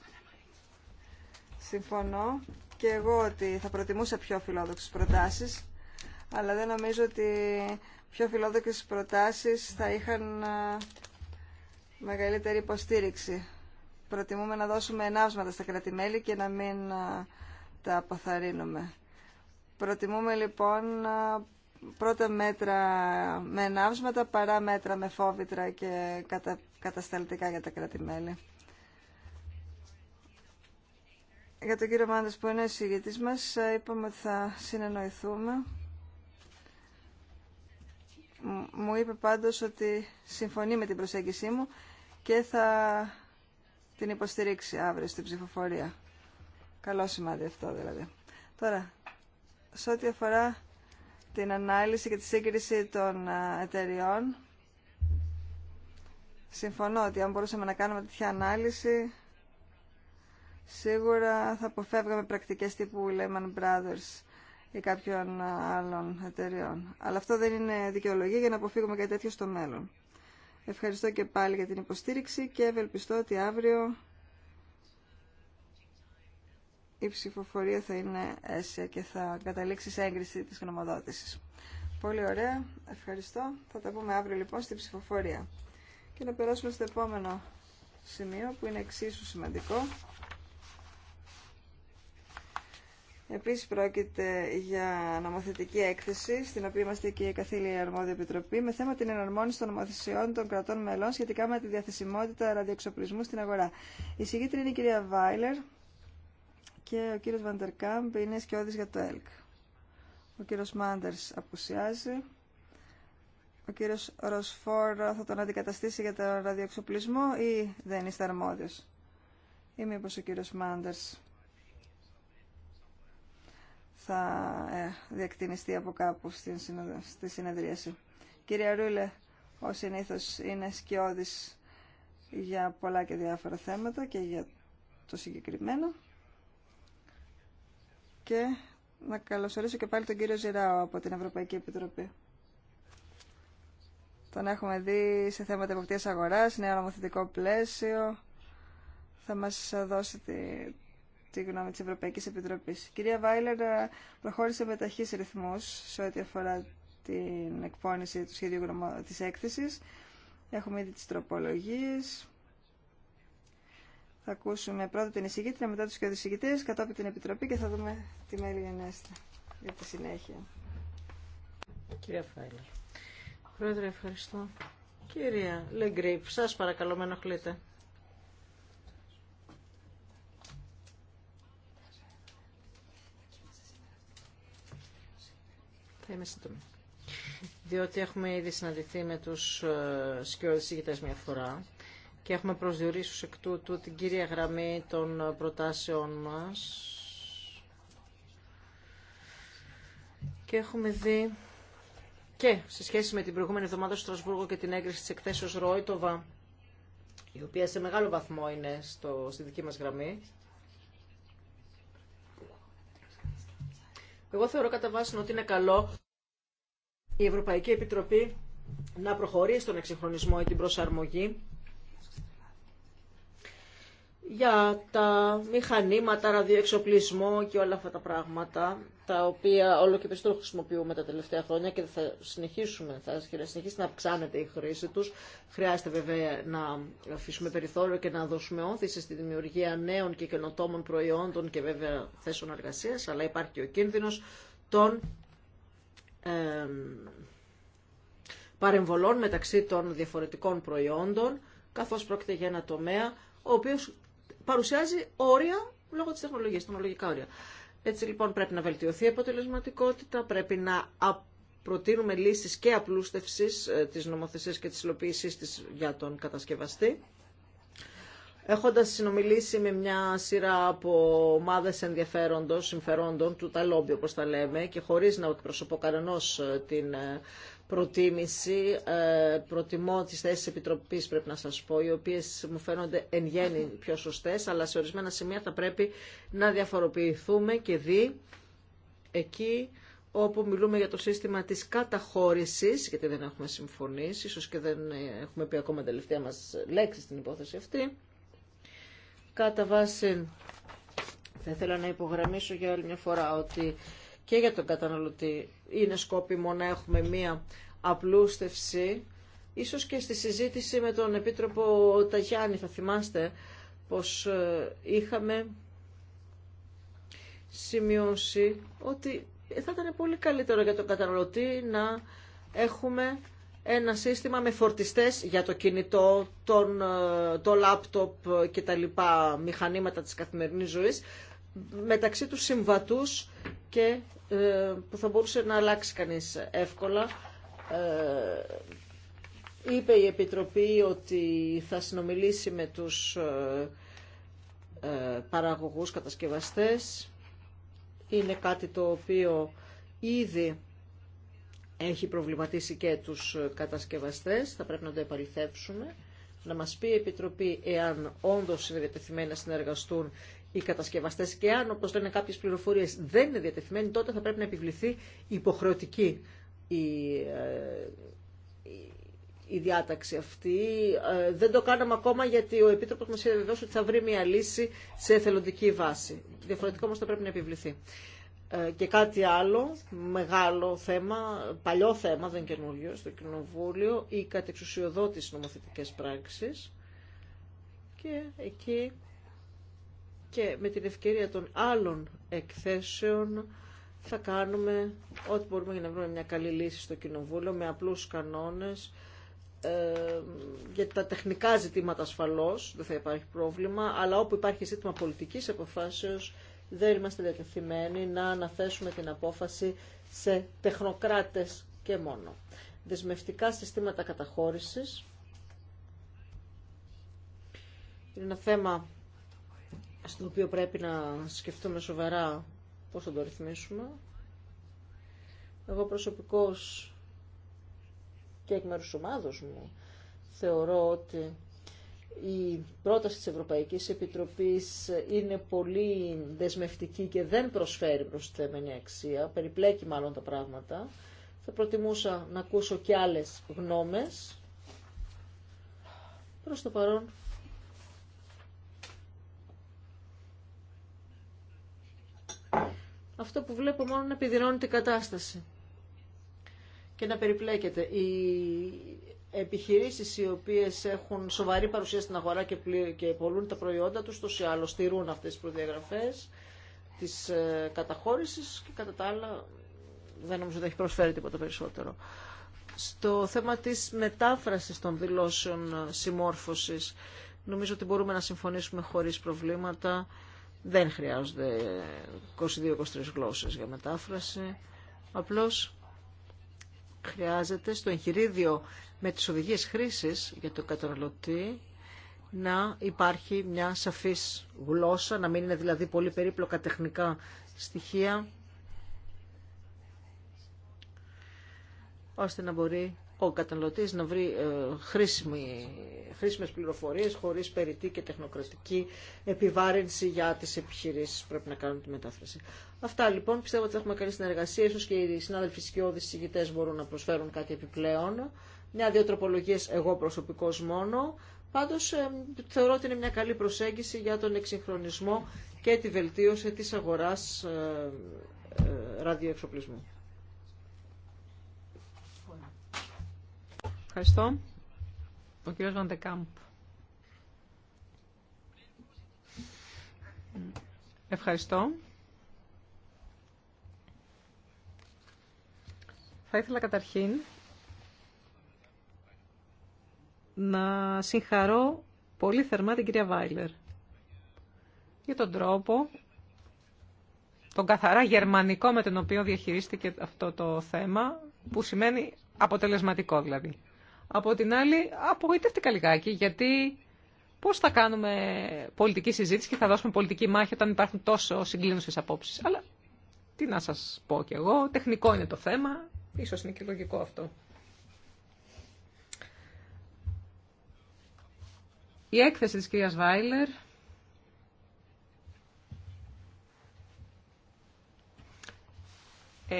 Συμφωνώ και εγώ ότι θα προτιμούσα πιο φιλόδοξες προτάσεις, αλλά δεν νομίζω ότι πιο φιλόδοξες προτάσεις θα είχαν μεγαλύτερη υποστήριξη. Προτιμούμε να δώσουμε ενάυσματα στα κρατημέλη και να μην τα αποθαρρύνουμε. Προτιμούμε λοιπόν πρώτα μέτρα με ενάυσματα παρά μέτρα με φόβητρα και κατα, κατασταλτικά για τα κρατημέλη. Για τον κύριο Μάντες που είναι ο συγγετής μας είπαμε ότι θα συνεννοηθούμε. Μου είπε πάντως ότι συμφωνεί με την προσέγγισή μου και θα την υποστηρίξει αύριο στην ψηφοφορία. Καλό σημάδι αυτό δηλαδή. Τώρα, σε ό,τι αφορά την ανάλυση και τη σύγκριση των εταιριών, συμφωνώ ότι αν μπορούσαμε να κάνουμε τέτοια ανάλυση, σίγουρα θα αποφεύγαμε πρακτικές τύπου Lehman Brothers ή κάποιων άλλων εταιρεών. Αλλά αυτό δεν είναι δικαιολογία για να αποφύγουμε κάτι τέτοιο στο μέλλον. Ευχαριστώ και πάλι για την υποστήριξη και ευελπιστώ ότι αύριο η ψηφοφορία θα είναι αίσια και θα καταλήξει σε έγκριση της γνωμοδότησης. Πολύ ωραία. Ευχαριστώ. Θα τα πούμε αύριο λοιπόν στη ψηφοφορία. Και να περάσουμε στο επόμενο σημείο που είναι εξίσου σημαντικό. Επίσης πρόκειται για νομοθετική έκθεση, στην οποία είμαστε και η καθήλια αρμόδια επιτροπή, με θέμα την εναρμόνιση των νομοθεσιών των κρατών μελών σχετικά με τη διαθεσιμότητα ραδιοεξοπλισμού στην αγορά. Η συγκήτρια είναι η κυρία Βάιλερ και ο κύριος Βαντερκάμπ είναι σκιώδης για το ΕΛΚ. Ο κύριος Μάντερς απουσιάζει. Ο κύριος Ροσφόρ θα τον αντικαταστήσει για το ραδιοεξοπλισμό ή δεν είστε αρμόδιος. Ή μήπως ο κύριος Μάντερς θα ε, διακτηνιστεί από κάπου στη συνεδρίαση. Κυρία Ρούλε, ο συνήθως είναι σκιώδης για πολλά και διάφορα θέματα και για το συγκεκριμένο. Και να καλωσορίσω και πάλι τον κύριο Ζηράο από την Ευρωπαϊκή Επιτροπή. Τον έχουμε δει σε θέματα εποπτείας αγοράς, νέο νομοθετικό πλαίσιο. Θα μας δώσει τη γνώμη τη Ευρωπαϊκή Επιτροπής. κυρία Βάιλερ ε, προχώρησε με ταχύ ρυθμού σε ό,τι αφορά την εκπόνηση του σχέδιου της έκθεσης. Έχουμε ήδη τι τροπολογίε. Θα ακούσουμε πρώτα την εισηγήτρια, μετά του και του εισηγητές, κατόπιν την Επιτροπή και θα δούμε τη μέλη ενέστη για τη συνέχεια. Κυρία Βάιλερ. Πρόεδρε, ευχαριστώ. Κυρία Λεγκρίπ, σας παρακαλώ με ενοχλείτε. θα είμαι σύντομη. Διότι έχουμε ήδη συναντηθεί με τους ε, σκιώδης μια φορά και έχουμε προσδιορίσει ως εκ τούτου την κύρια γραμμή των προτάσεών μας και έχουμε δει και σε σχέση με την προηγούμενη εβδομάδα στο Στρασβούργο και την έγκριση της εκθέσεως Ρόιτοβα η οποία σε μεγάλο βαθμό είναι στο, στη δική μας γραμμή Εγώ θεωρώ κατά βάση ότι είναι καλό η Ευρωπαϊκή Επιτροπή να προχωρήσει στον εξυγχρονισμό ή την προσαρμογή για τα μηχανήματα, ραδιοεξοπλισμό και όλα αυτά τα πράγματα, τα οποία όλο και περισσότερο χρησιμοποιούμε τα τελευταία χρόνια και θα συνεχίσουμε, θα συνεχίσει να αυξάνεται η χρήση τους. Χρειάζεται βέβαια να αφήσουμε περιθώριο και να δώσουμε όθηση στη δημιουργία νέων και καινοτόμων προϊόντων και βέβαια θέσεων εργασίας, αλλά υπάρχει και ο κίνδυνος των ε, παρεμβολών μεταξύ των διαφορετικών προϊόντων, καθώς πρόκειται για ένα τομέα παρουσιάζει όρια λόγω της τεχνολογίας, τεχνολογικά όρια. Έτσι λοιπόν πρέπει να βελτιωθεί η αποτελεσματικότητα, πρέπει να προτείνουμε λύσεις και απλούστευσης ε, της νομοθεσίας και της υλοποίησής της για τον κατασκευαστή. Έχοντας συνομιλήσει με μια σειρά από ομάδες ενδιαφέροντος, συμφερόντων, του τα λόμπι όπως τα λέμε, και χωρίς να εκπροσωπώ κανενός ε, την ε, προτίμηση. Ε, προτιμώ τι θέσει επιτροπή πρέπει να σας πω, οι οποίες μου φαίνονται εν γέννη πιο σωστέ, αλλά σε ορισμένα σημεία θα πρέπει να διαφοροποιηθούμε και δει εκεί όπου μιλούμε για το σύστημα της καταχώρησης, γιατί δεν έχουμε συμφωνήσει, ίσως και δεν έχουμε πει ακόμα τελευταία μας λέξη στην υπόθεση αυτή. Κατά βάση, θα ήθελα να υπογραμμίσω για άλλη μια φορά ότι και για τον καταναλωτή είναι σκόπιμο να έχουμε μία απλούστευση. Ίσως και στη συζήτηση με τον Επίτροπο Ταγιάννη θα θυμάστε πως ε, είχαμε σημειώσει ότι θα ήταν πολύ καλύτερο για τον καταναλωτή να έχουμε ένα σύστημα με φορτιστές για το κινητό, τον, ε, το λάπτοπ και τα λοιπά μηχανήματα της καθημερινής ζωής μεταξύ τους συμβατούς και ε, που θα μπορούσε να αλλάξει κανείς εύκολα. Ε, είπε η Επιτροπή ότι θα συνομιλήσει με τους ε, παραγωγούς κατασκευαστές. Είναι κάτι το οποίο ήδη έχει προβληματίσει και τους κατασκευαστές, θα πρέπει να το επαληθεύσουμε να μας πει η Επιτροπή εάν όντως είναι διατεθειμένοι να συνεργαστούν οι κατασκευαστές και αν, όπως λένε κάποιες πληροφορίες, δεν είναι διατεθειμένοι, τότε θα πρέπει να επιβληθεί υποχρεωτική η, ε, η διάταξη αυτή. Ε, δεν το κάναμε ακόμα γιατί ο Επίτροπος μας βεβαιώσει ότι θα βρει μια λύση σε εθελοντική βάση. Διαφορετικό όμως θα πρέπει να επιβληθεί. Ε, και κάτι άλλο, μεγάλο θέμα, παλιό θέμα, δεν καινούριο, στο Κοινοβούλιο, η κατεξουσιοδότηση νομοθετικές πράξεις και εκεί και με την ευκαιρία των άλλων εκθέσεων θα κάνουμε ό,τι μπορούμε για να βρούμε μια καλή λύση στο Κοινοβούλιο με απλούς κανόνες ε, για τα τεχνικά ζητήματα ασφαλώς δεν θα υπάρχει πρόβλημα αλλά όπου υπάρχει ζήτημα πολιτικής αποφάσεως δεν είμαστε διατεθειμένοι να αναθέσουμε την απόφαση σε τεχνοκράτες και μόνο. Δεσμευτικά συστήματα καταχώρησης. Είναι ένα θέμα στο οποίο πρέπει να σκεφτούμε σοβαρά πώς θα το ρυθμίσουμε. Εγώ προσωπικώς και εκ μέρους ομάδος μου θεωρώ ότι η πρόταση της Ευρωπαϊκής Επιτροπής είναι πολύ δεσμευτική και δεν προσφέρει προσθέμενη αξία, περιπλέκει μάλλον τα πράγματα. Θα προτιμούσα να ακούσω και άλλες γνώμες. Προς το παρόν. Αυτό που βλέπω μόνο να επιδεινώνει την κατάσταση και να περιπλέκεται. Η επιχειρήσεις οι οποίες έχουν σοβαρή παρουσία στην αγορά και, πλη, και πολλούν τα προϊόντα τους, τόσο άλλο στηρούν αυτές τις προδιαγραφές της ε, καταχώρησης και κατά τα άλλα δεν νομίζω ότι έχει προσφέρει τίποτα περισσότερο. Στο θέμα της μετάφρασης των δηλώσεων ε, συμμόρφωσης, νομίζω ότι μπορούμε να συμφωνήσουμε χωρίς προβλήματα. Δεν χρειάζονται 22-23 γλώσσες για μετάφραση. Απλώς χρειάζεται στο εγχειρίδιο με τις οδηγίες χρήσης για το καταναλωτή να υπάρχει μια σαφής γλώσσα, να μην είναι δηλαδή πολύ περίπλοκα τεχνικά στοιχεία, ώστε να μπορεί ο καταναλωτής να βρει ε, χρήσιμη, χρήσιμες πληροφορίες χωρίς περιττή και τεχνοκρατική επιβάρυνση για τις επιχειρήσεις που πρέπει να κάνουν τη μετάφραση. Αυτά λοιπόν πιστεύω ότι έχουμε καλή συνεργασία, ίσως και οι συνάδελφοι σκιώδεις συγητές μπορούν να προσφέρουν κάτι επιπλέον. Μια-δύο τροπολογίες εγώ προσωπικώς μόνο. Πάντως ε, θεωρώ ότι είναι μια καλή προσέγγιση για τον εξυγχρονισμό και τη βελτίωση της αγοράς ε, ραδιοεξοπλισμού. Ευχαριστώ. Ο κύριος Βαντεκάμπ. Ευχαριστώ. Θα ήθελα καταρχήν να συγχαρώ πολύ θερμά την κυρία Βάιλερ για τον τρόπο, τον καθαρά γερμανικό με τον οποίο διαχειρίστηκε αυτό το θέμα, που σημαίνει αποτελεσματικό δηλαδή. Από την άλλη, απογοητεύτηκα λιγάκι, γιατί πώς θα κάνουμε πολιτική συζήτηση και θα δώσουμε πολιτική μάχη όταν υπάρχουν τόσο συγκλίνουσε απόψεις. Αλλά τι να σας πω κι εγώ, τεχνικό είναι το θέμα, ίσως είναι και λογικό αυτό. Η έκθεση της κυρίας Βάιλερ Ε,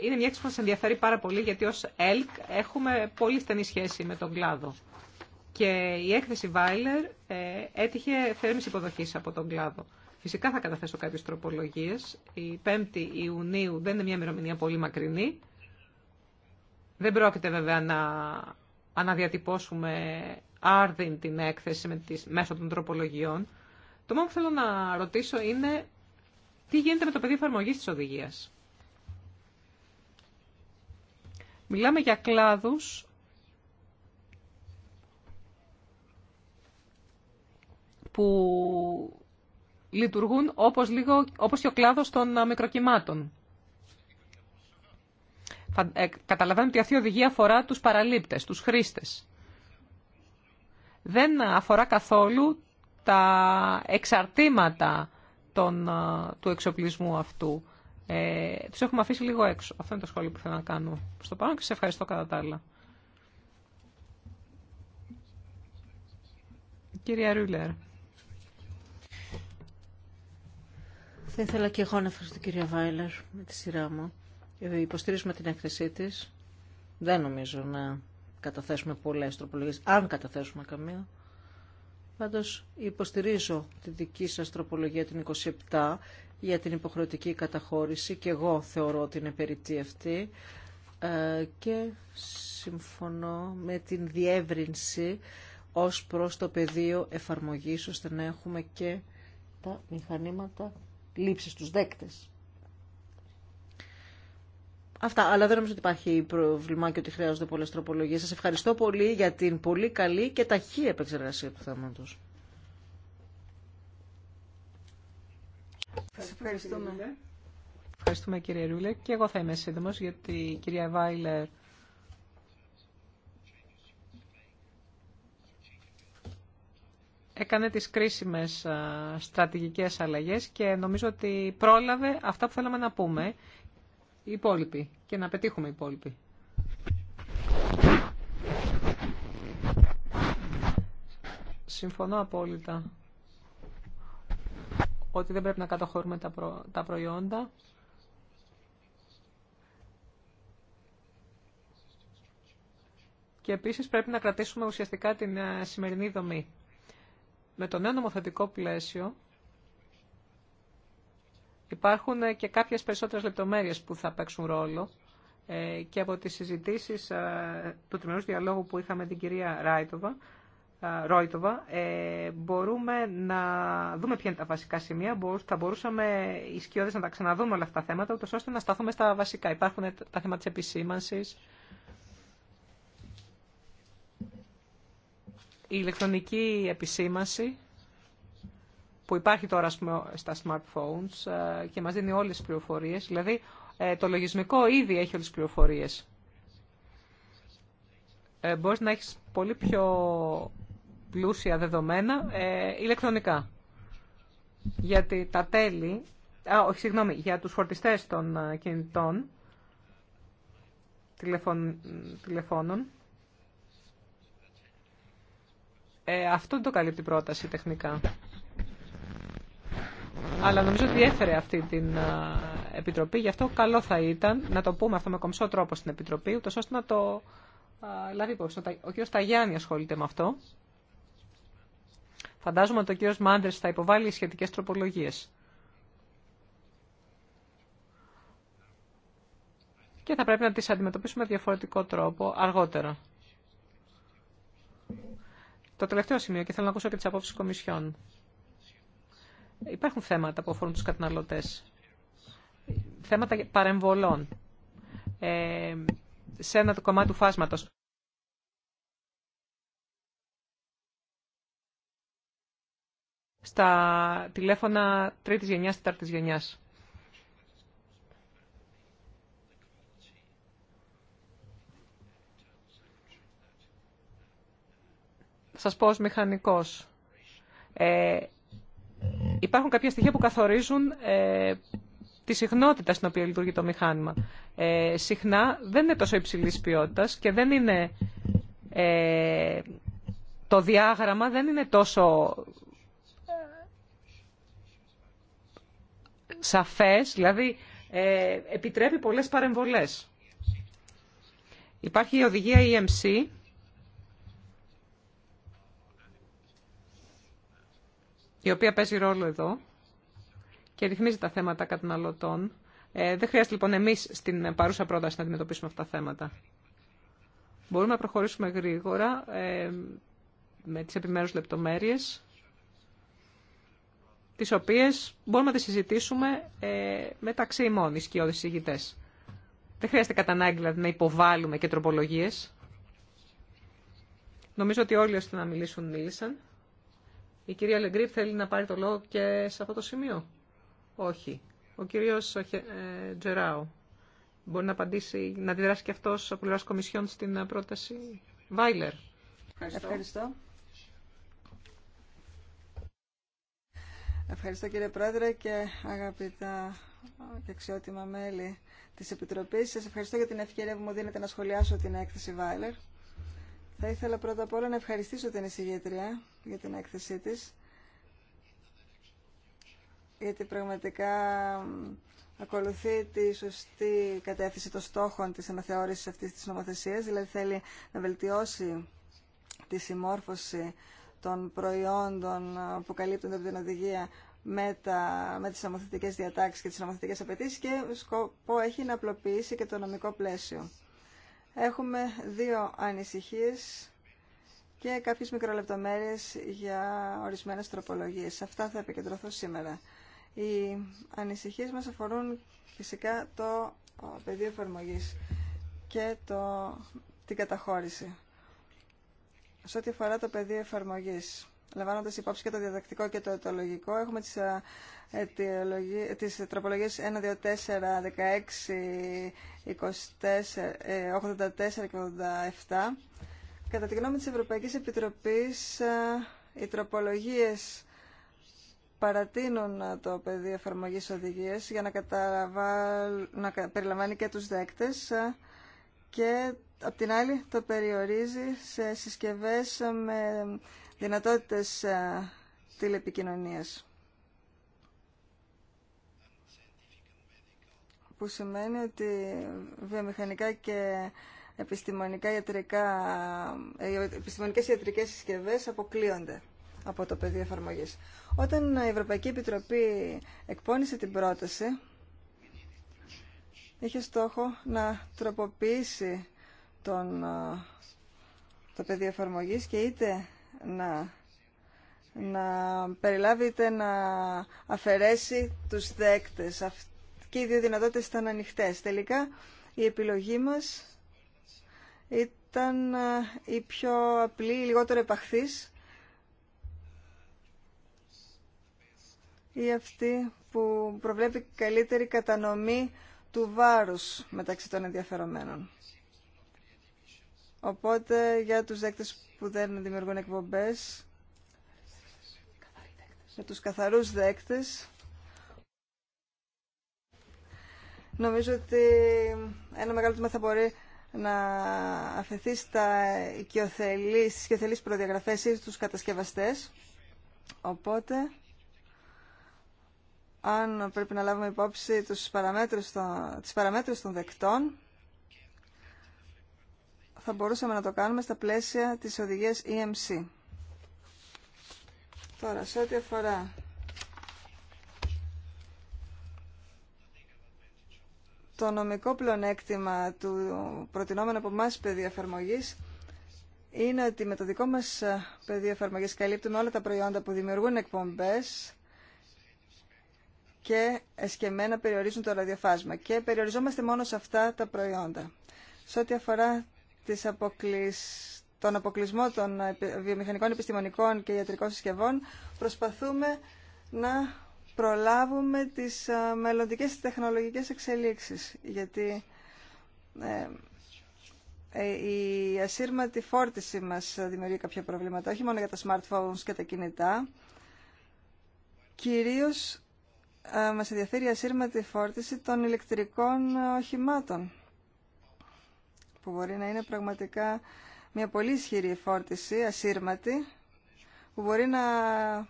είναι μια έκθεση που μας ενδιαφέρει πάρα πολύ γιατί ως ΕΛΚ έχουμε πολύ στενή σχέση με τον κλάδο. Και η έκθεση Βάιλερ ε, έτυχε θέρμης υποδοχής από τον κλάδο. Φυσικά θα καταθέσω κάποιε τροπολογίε. Η 5η Ιουνίου δεν είναι μια ημερομηνία πολύ μακρινή. Δεν πρόκειται βέβαια να αναδιατυπώσουμε άρδιν την έκθεση με τις, μέσω των τροπολογιών. Το μόνο που θέλω να ρωτήσω είναι τι γίνεται με το πεδίο εφαρμογή τη οδηγία. Μιλάμε για κλάδους που λειτουργούν όπως, λίγο, όπως και ο κλάδος των μικροκυμάτων. Ε, καταλαβαίνουμε ότι αυτή η οδηγία αφορά τους παραλήπτες, τους χρήστες. Δεν αφορά καθόλου τα εξαρτήματα των, του εξοπλισμού αυτού ε, τους έχουμε αφήσει λίγο έξω. Αυτό είναι το σχόλιο που θέλω να κάνω στο πάνω και σε ευχαριστώ κατά τα άλλα. Κυρία Ρούλερ. Θα ήθελα και εγώ να ευχαριστώ την κυρία Βάιλερ με τη σειρά μου. Ε, υποστηρίζουμε την έκθεσή τη. Δεν νομίζω να καταθέσουμε πολλές τροπολογίε αν καταθέσουμε καμία. Παντώ υποστηρίζω τη δική σα τροπολογία την 27 για την υποχρεωτική καταχώρηση και εγώ θεωρώ ότι είναι περιττή αυτή ε, και συμφωνώ με την διεύρυνση ως προς το πεδίο εφαρμογής ώστε να έχουμε και τα μηχανήματα λήψης τους δέκτες. Αυτά, αλλά δεν νομίζω ότι υπάρχει προβλημά και ότι χρειάζονται πολλές τροπολογίες. Σας ευχαριστώ πολύ για την πολύ καλή και ταχύ επεξεργασία του θέματος. Ευχαριστούμε. Ευχαριστούμε κύριε Ρούλε. Και εγώ θα είμαι σύντομο γιατί η κυρία Βάιλερ έκανε τις κρίσιμες στρατηγικές αλλαγές και νομίζω ότι πρόλαβε αυτά που θέλαμε να πούμε οι υπόλοιποι και να πετύχουμε οι υπόλοιποι. Συμφωνώ απόλυτα ότι δεν πρέπει να καταχωρούμε τα, τα προϊόντα. Και επίσης πρέπει να κρατήσουμε ουσιαστικά την ε, σημερινή δομή. Με το νέο νομοθετικό πλαίσιο υπάρχουν ε, και κάποιες περισσότερες λεπτομέρειες που θα παίξουν ρόλο ε, και από τις συζητήσεις του τριμερούς διαλόγου που είχαμε την κυρία Ράιτοβα Ρόιτοβα, ε, μπορούμε να δούμε ποια είναι τα βασικά σημεία. Θα μπορούσαμε οι σκιώδε να τα ξαναδούμε όλα αυτά τα θέματα, ούτω ώστε να σταθούμε στα βασικά. Υπάρχουν τα θέματα της επισήμανσης, η ηλεκτρονική επισήμανση που υπάρχει τώρα στα smartphones ε, και μας δίνει όλες τις πληροφορίες. Δηλαδή, ε, το λογισμικό ήδη έχει όλες τις πληροφορίες. Μπορείς να έχει πολύ πιο πλούσια δεδομένα ε, ηλεκτρονικά. Γιατί τα τέλη, α, όχι, συγγνώμη, για τους φορτιστές των ε, κινητών τηλεφων, τηλεφώνων, ε, αυτό δεν το καλύπτει η πρόταση τεχνικά. Αλλά νομίζω ότι έφερε αυτή την ε, Επιτροπή, γι' αυτό καλό θα ήταν να το πούμε αυτό με κομψό τρόπο στην Επιτροπή, ούτως ώστε να το α, ε, λάβει υπόψη. Ο κ. Σταγιάννη ασχολείται με αυτό Φαντάζομαι ότι ο κύριος Μάντρες θα υποβάλει σχετικές τροπολογίες. Και θα πρέπει να τις αντιμετωπίσουμε διαφορετικό τρόπο αργότερα. Το τελευταίο σημείο και θέλω να ακούσω και τις απόψεις κομισιών. Υπάρχουν θέματα που αφορούν τους καταναλωτές. Θέματα παρεμβολών. Ε, σε ένα κομμάτι του φάσματος. στα τηλέφωνα τρίτης γενιάς, τετάρτης γενιάς. σας πω ως μηχανικός. Ε, υπάρχουν κάποια στοιχεία που καθορίζουν ε, τη συχνότητα στην οποία λειτουργεί το μηχάνημα. Ε, συχνά δεν είναι τόσο υψηλής ποιότητας και δεν είναι... Ε, το διάγραμμα δεν είναι τόσο σαφές, δηλαδή ε, επιτρέπει πολλές παρεμβολές. Υπάρχει η οδηγία EMC, η οποία παίζει ρόλο εδώ και ρυθμίζει τα θέματα καταναλωτών. Ε, δεν χρειάζεται λοιπόν εμείς στην παρούσα πρόταση να αντιμετωπίσουμε αυτά τα θέματα. Μπορούμε να προχωρήσουμε γρήγορα ε, με τις επιμέρους λεπτομέρειες τις οποίες μπορούμε να τις συζητήσουμε ε, μεταξύ ημών, οι σκιώδεις συζητητές. Δεν χρειάζεται κατά ανάγκη δηλαδή, να υποβάλουμε και τροπολογίες. Νομίζω ότι όλοι ώστε να μιλήσουν μίλησαν. Η κυρία Λεγκρίπ θέλει να πάρει το λόγο και σε αυτό το σημείο. Όχι. Ο κύριος ε, Τζεράου μπορεί να απαντήσει, να αντιδράσει και αυτός ο πλευράς Κομισιόν στην πρόταση Βάιλερ. Ευχαριστώ. Ευχαριστώ κύριε Πρόεδρε και αγαπητά και αξιότιμα μέλη της Επιτροπής. Σας ευχαριστώ για την ευκαιρία που μου δίνετε να σχολιάσω την έκθεση Βάιλερ. Θα ήθελα πρώτα απ' όλα να ευχαριστήσω την εισηγήτρια για την έκθεσή της, γιατί πραγματικά ακολουθεί τη σωστή κατεύθυνση των στόχων της αναθεώρησης αυτής της νομοθεσίας, δηλαδή θέλει να βελτιώσει τη συμμόρφωση των προϊόντων ε, που καλύπτονται από την οδηγία με, τα, με τις νομοθετικές διατάξεις και τις νομοθετικές απαιτήσεις και σκοπό έχει να απλοποιήσει και το νομικό πλαίσιο. Έχουμε δύο ανησυχίες και κάποιες μικρολεπτομέρειες για ορισμένες τροπολογίες. Αυτά θα επικεντρωθώ σήμερα. Οι ανησυχίες μας αφορούν φυσικά το πεδίο εφαρμογή και το, την καταχώρηση σε ό,τι αφορά το πεδίο εφαρμογή. Λαμβάνοντα υπόψη και το διδακτικό και το αιτολογικό, έχουμε τι τις τροπολογίε 1, 2, 4, 16, 24, 84 και 87. Κατά τη γνώμη τη Ευρωπαϊκή Επιτροπή, οι τροπολογίε παρατείνουν το πεδίο εφαρμογή οδηγίες για να, να περιλαμβάνει και του δέκτε και απ' την άλλη το περιορίζει σε συσκευές με δυνατότητες ε, τηλεπικοινωνίας. Που σημαίνει ότι βιομηχανικά και επιστημονικά ιατρικά, ε, επιστημονικές ιατρικές συσκευές αποκλείονται από το πεδίο εφαρμογής. Όταν η Ευρωπαϊκή Επιτροπή εκπώνησε την πρόταση, είχε στόχο να τροποποιήσει τον, το πεδίο εφαρμογή και είτε να, να περιλάβει είτε να αφαιρέσει τους δέκτες. Και οι δύο δυνατότητες ήταν ανοιχτέ. Τελικά η επιλογή μας ήταν η πιο απλή, η λιγότερο επαχθής ή αυτή που προβλέπει καλύτερη κατανομή του βάρους μεταξύ των ενδιαφερομένων. Οπότε για τους δέκτες που δεν δημιουργούν εκπομπές, για τους καθαρούς δέκτες, νομίζω ότι ένα μεγάλο τμήμα θα μπορεί να αφαιθεί στα οικειοθελείς, στις οικειοθελείς προδιαγραφές ή στους κατασκευαστές. Οπότε αν πρέπει να λάβουμε υπόψη τους παραμέτρους των, τις παραμέτρους των δεκτών, θα μπορούσαμε να το κάνουμε στα πλαίσια της οδηγίας EMC. Τώρα, σε ό,τι αφορά το νομικό πλεονέκτημα του προτινόμενου από εμάς πεδίου εφαρμογή είναι ότι με το δικό μας πεδίο εφαρμογή καλύπτουμε όλα τα προϊόντα που δημιουργούν εκπομπές και εσκεμμένα περιορίζουν το ραδιοφάσμα και περιοριζόμαστε μόνο σε αυτά τα προϊόντα. Σε ό,τι αφορά τις τον αποκλεισμό των βιομηχανικών, επιστημονικών και ιατρικών συσκευών, προσπαθούμε να προλάβουμε τις ε, μελλοντικές τεχνολογικές εξελίξεις, γιατί ε, ε, η ασύρματη φόρτιση μας δημιουργεί κάποια προβλήματα, όχι μόνο για τα smartphones και τα κινητά, κυρίως ε, μας ενδιαφέρει η ασύρματη φόρτιση των ηλεκτρικών ε, οχημάτων που μπορεί να είναι πραγματικά μια πολύ ισχυρή φόρτιση, ασύρματη, που μπορεί να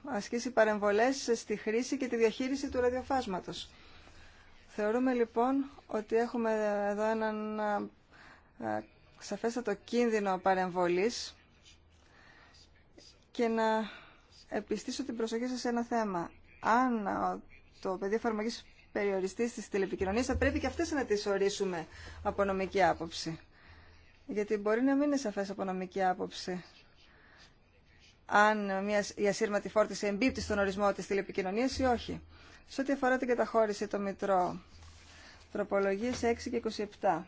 ασκήσει παρεμβολές στη χρήση και τη διαχείριση του ραδιοφάσματος. Θεωρούμε λοιπόν ότι έχουμε εδώ έναν ε, σαφέστατο κίνδυνο παρεμβολής και να επιστήσω την προσοχή σας σε ένα θέμα. Αν το πεδίο εφαρμογή περιοριστή τη τηλεπικοινωνία, θα πρέπει και αυτές να τις ορίσουμε από νομική άποψη. Γιατί μπορεί να μην είναι σαφέ από νομική άποψη αν μια, η ασύρματη φόρτιση εμπίπτει στον ορισμό της τηλεπικοινωνίας ή όχι. Σε ό,τι αφορά την καταχώρηση το Μητρό, τροπολογίες 6 και 27.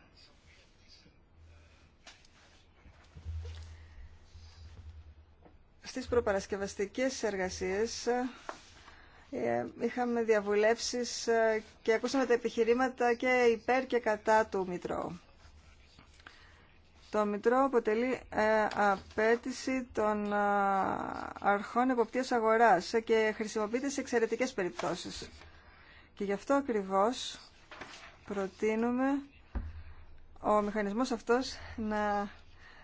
Στις προπαρασκευαστικές εργασίες ε, είχαμε διαβουλεύσεις ε, και ακούσαμε τα επιχειρήματα και υπέρ και κατά του Μητρώου. Το Μητρό αποτελεί ε, απέτηση των αρχών εποπτείας αγοράς και χρησιμοποιείται σε εξαιρετικές περιπτώσεις. Και γι' αυτό ακριβώς προτείνουμε ο μηχανισμός αυτός να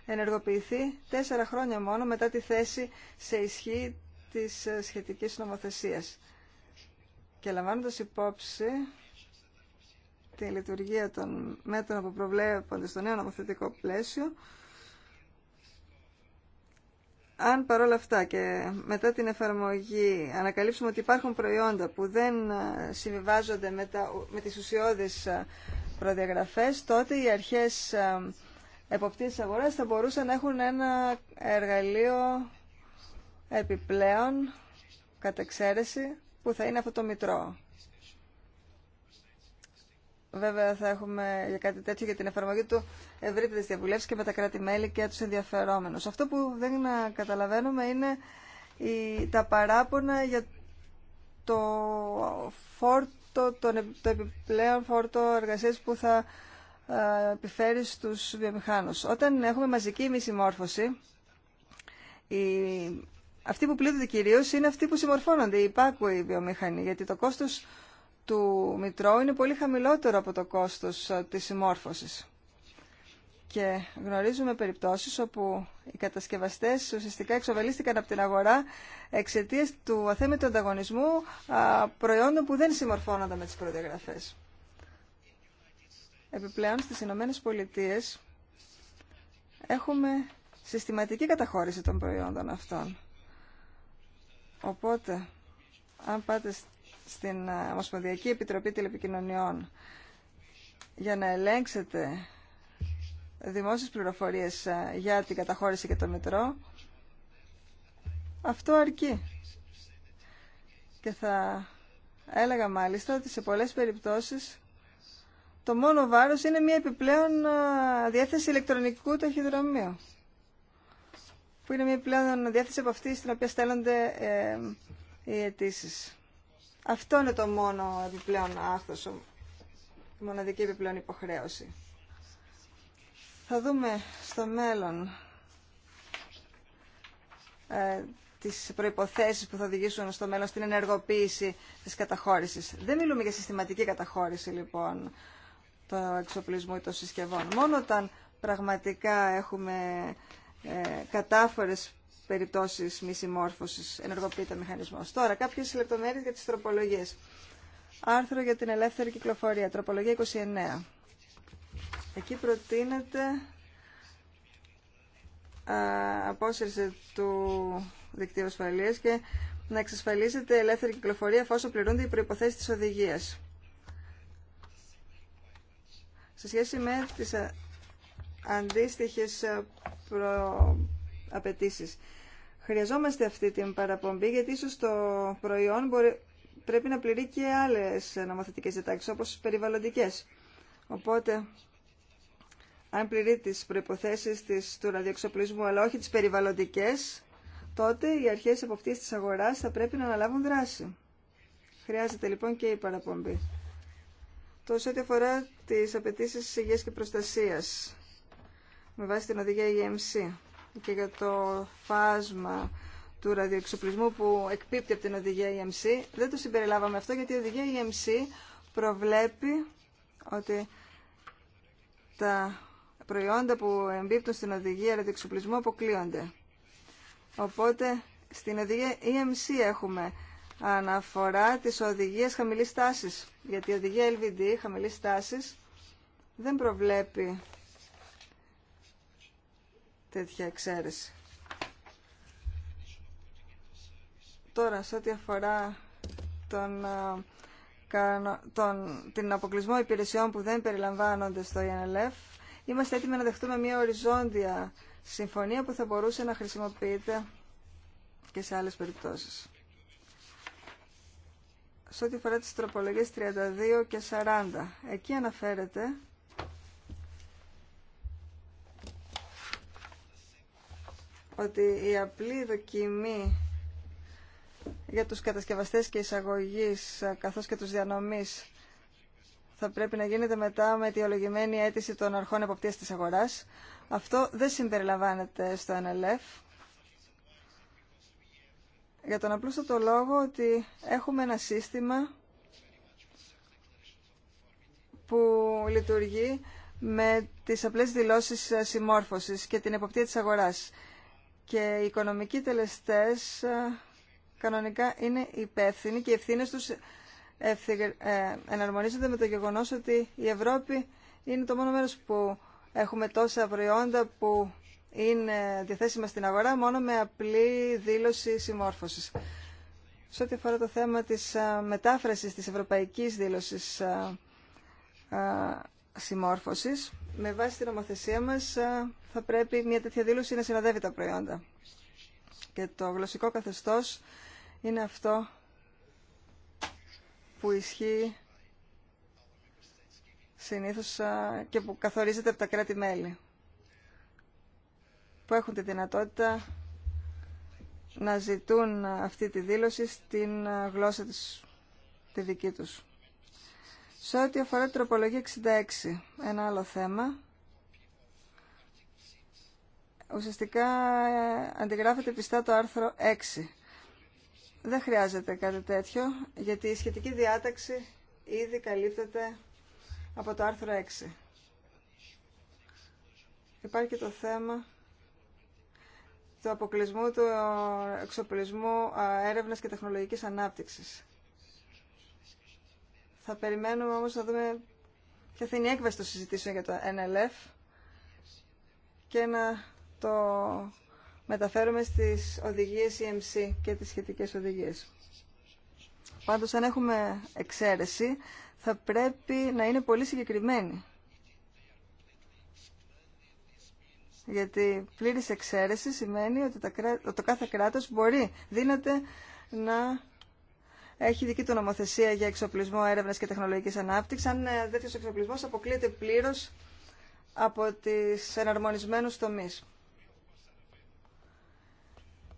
ενεργοποιηθεί τέσσερα χρόνια μόνο μετά τη θέση σε ισχύ της σχετικής νομοθεσίας. Και λαμβάνοντας υπόψη τη λειτουργία των μέτρων που προβλέπονται στο νέο νομοθετικό πλαίσιο, αν παρόλα αυτά και μετά την εφαρμογή ανακαλύψουμε ότι υπάρχουν προϊόντα που δεν ε, συμβιβάζονται με, τα, με τις ουσιώδεις ε, προδιαγραφές, τότε οι αρχές ε, εποπτείας αγοράς θα μπορούσαν να έχουν ένα εργαλείο επιπλέον εξαίρεση που θα είναι αυτό το μητρό. Βέβαια θα έχουμε για κάτι τέτοιο για την εφαρμογή του ευρύτερη διαβουλεύση και με τα κράτη-μέλη και τους ενδιαφερόμενους. Αυτό που δεν καταλαβαίνουμε είναι τα παράπονα για το φόρτο, το επιπλέον φόρτο εργασίας που θα επιφέρει στους βιομηχάνους. Όταν έχουμε μαζική μη συμμόρφωση, αυτοί που πλήττονται κυρίω είναι αυτοί που συμμορφώνονται, οι υπάκουοι βιομηχανοί, γιατί το κόστο του Μητρώου είναι πολύ χαμηλότερο από το κόστο ε, τη συμμόρφωση. Και γνωρίζουμε περιπτώσει όπου οι κατασκευαστέ ουσιαστικά εξοβελίστηκαν από την αγορά εξαιτία του αθέμητου ανταγωνισμού προϊόντων που δεν συμμορφώνονταν με τι προδιαγραφές. Επιπλέον στι Ηνωμένε Πολιτείε έχουμε συστηματική καταχώρηση των προϊόντων αυτών. Οπότε, αν πάτε στην ε, Ομοσπονδιακή Επιτροπή Τηλεπικοινωνιών για να ελέγξετε δημόσιες πληροφορίες ε, για την καταχώρηση και το Μητρό, αυτό αρκεί. Και θα έλεγα μάλιστα ότι σε πολλές περιπτώσεις το μόνο βάρος είναι μια επιπλέον ε, διέθεση ηλεκτρονικού ταχυδρομείου που είναι μια πλέον διάθεση από αυτή στην οποία στέλνονται ε, οι αιτήσει. Αυτό είναι το μόνο επιπλέον άχθος, η μοναδική επιπλέον υποχρέωση. Θα δούμε στο μέλλον ε, τις προϋποθέσεις που θα οδηγήσουν στο μέλλον στην ενεργοποίηση της καταχώρησης. Δεν μιλούμε για συστηματική καταχώρηση λοιπόν του εξοπλισμού ή των συσκευών. Μόνο όταν πραγματικά έχουμε ε, κατάφορες περιπτώσεις μη συμμόρφωσης ενεργοποιείται μηχανισμός. Τώρα, κάποιες λεπτομέρειες για τις τροπολογίες. Άρθρο για την ελεύθερη κυκλοφορία, τροπολογία 29. Εκεί προτείνεται απόσυρση του δικτύου ασφαλείας και να εξασφαλίζεται ελεύθερη κυκλοφορία εφόσον πληρούνται οι προϋποθέσεις της οδηγίας. Σε σχέση με τις αντίστοιχες ε, προ... Χρειαζόμαστε αυτή την παραπομπή γιατί ίσως το προϊόν πρέπει να πληρεί και άλλες νομοθετικές διατάξεις όπως περιβαλλοντικές. Οπότε, αν πληρεί τις προϋποθέσεις της, του ραδιοξοπλισμού αλλά όχι τις περιβαλλοντικές, τότε οι αρχές εποπτείας της αγοράς θα πρέπει να αναλάβουν δράση. Χρειάζεται λοιπόν και η παραπομπή. Τόσο ό,τι αφορά τις απαιτήσει υγείας και προστασίας με βάση την οδηγία EMC και για το φάσμα του ραδιοεξοπλισμού που εκπίπτει από την οδηγία EMC. Δεν το συμπεριλάβαμε αυτό γιατί η οδηγία EMC προβλέπει ότι τα προϊόντα που εμπίπτουν στην οδηγία ραδιοεξοπλισμού αποκλείονται. Οπότε στην οδηγία EMC έχουμε αναφορά της οδηγίας χαμηλής τάσης, γιατί η οδηγία LVD χαμηλής τάσης δεν προβλέπει τέτοια εξαίρεση. Τώρα, σε ό,τι αφορά τον, την αποκλεισμό υπηρεσιών που δεν περιλαμβάνονται στο ΙΝΛΕΦ, είμαστε έτοιμοι να δεχτούμε μια οριζόντια συμφωνία που θα μπορούσε να χρησιμοποιείται και σε άλλες περιπτώσεις. Σε ό,τι αφορά τις τροπολογίες 32 και 40, εκεί αναφέρεται ότι η απλή δοκιμή για τους κατασκευαστές και εισαγωγείς καθώς και τους διανομής θα πρέπει να γίνεται μετά με τη ολογημένη αίτηση των αρχών εποπτείας της αγοράς. Αυτό δεν συμπεριλαμβάνεται στο NLF. Για τον το λόγο ότι έχουμε ένα σύστημα που λειτουργεί με τις απλές δηλώσεις συμμόρφωσης και την εποπτεία της αγοράς και οι οικονομικοί τελεστές ε, κανονικά είναι υπεύθυνοι και οι ευθύνε τους ε, ε, εναρμονίζονται με το γεγονός ότι η Ευρώπη είναι το μόνο μέρος που έχουμε τόσα προϊόντα που είναι διαθέσιμα στην αγορά μόνο με απλή δήλωση συμμόρφωσης. Σε ό,τι αφορά το θέμα της μετάφρασης της ευρωπαϊκής δήλωσης συμμόρφωσης, με βάση την ομοθεσία μας θα πρέπει μια τέτοια δήλωση να συνοδεύει τα προϊόντα. Και το γλωσσικό καθεστώς είναι αυτό που ισχύει συνήθως και που καθορίζεται από τα κράτη-μέλη που έχουν τη δυνατότητα να ζητούν αυτή τη δήλωση στην γλώσσα της, τη δική τους. Σε ό,τι αφορά την τροπολογία 66, ένα άλλο θέμα ουσιαστικά ε, αντιγράφεται πιστά το άρθρο 6. Δεν χρειάζεται κάτι τέτοιο, γιατί η σχετική διάταξη ήδη καλύπτεται από το άρθρο 6. Υπάρχει και το θέμα του αποκλεισμού του εξοπλισμού ε, έρευνας και τεχνολογικής ανάπτυξης. Θα περιμένουμε όμως να δούμε ποια θα είναι η έκβαση των συζητήσεων για το NLF και να το μεταφέρουμε στις οδηγίες EMC και τις σχετικές οδηγίες. Πάντως, αν έχουμε εξαίρεση, θα πρέπει να είναι πολύ συγκεκριμένη. Γιατί πλήρης εξαίρεση σημαίνει ότι το κάθε κράτος μπορεί, δύναται να έχει δική του νομοθεσία για εξοπλισμό έρευνας και τεχνολογικής ανάπτυξης, αν ε, τέτοιο εξοπλισμός αποκλείεται πλήρως από τις εναρμονισμένους τομείς.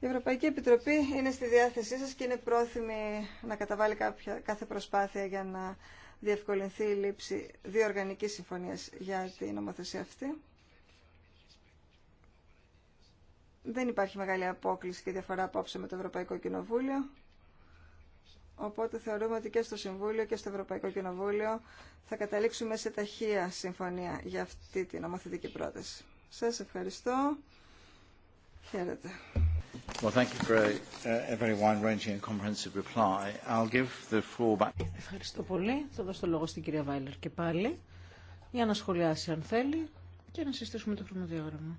Η Ευρωπαϊκή Επιτροπή είναι στη διάθεσή σας και είναι πρόθυμη να καταβάλει κάθε προσπάθεια για να διευκολυνθεί η λήψη δύο οργανικής συμφωνίας για την νομοθεσία αυτή. Δεν υπάρχει μεγάλη απόκληση και διαφορά απόψε με το Ευρωπαϊκό Κοινοβούλιο. Οπότε θεωρούμε ότι και στο Συμβούλιο και στο Ευρωπαϊκό Κοινοβούλιο θα καταλήξουμε σε ταχεία συμφωνία για αυτή την νομοθετική πρόταση. Σας ευχαριστώ. Χαίρετε. Ευχαριστώ πολύ. Θα δώσω το λόγο στην κυρία Βάιλερ και πάλι για να σχολιάσει αν θέλει και να συστήσουμε το χρονοδιάγραμμα.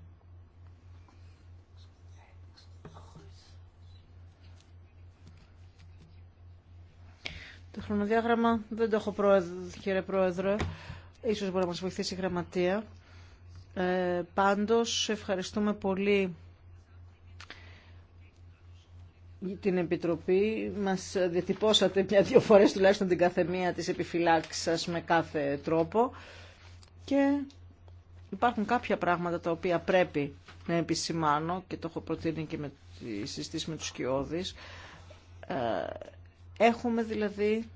Το χρονοδιάγραμμα δεν το έχω, πρόεδρε, κύριε Πρόεδρε. Ίσως μπορεί να μας βοηθήσει η γραμματεία. Ε, πάντως, ευχαριστούμε πολύ την Επιτροπή. Μας διατυπώσατε μια-δυο φορές τουλάχιστον την καθεμία της επιφυλάξης σας με κάθε τρόπο και υπάρχουν κάποια πράγματα τα οποία πρέπει να επισημάνω και το έχω προτείνει και με τη συστήση με τους Κιώδης. Ε, έχουμε δηλαδή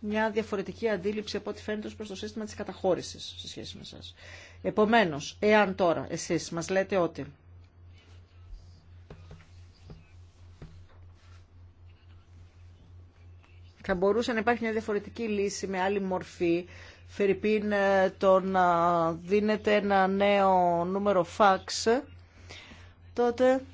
μια διαφορετική αντίληψη από ό,τι φαίνεται προς το σύστημα της καταχώρησης σε σχέση με σας. Επομένως, εάν τώρα εσείς μας λέτε ότι Θα μπορούσε να υπάρχει μια διαφορετική λύση με άλλη μορφή. Φερρυπίν ε, το να ε, δίνεται ένα νέο νούμερο φάξ, τότε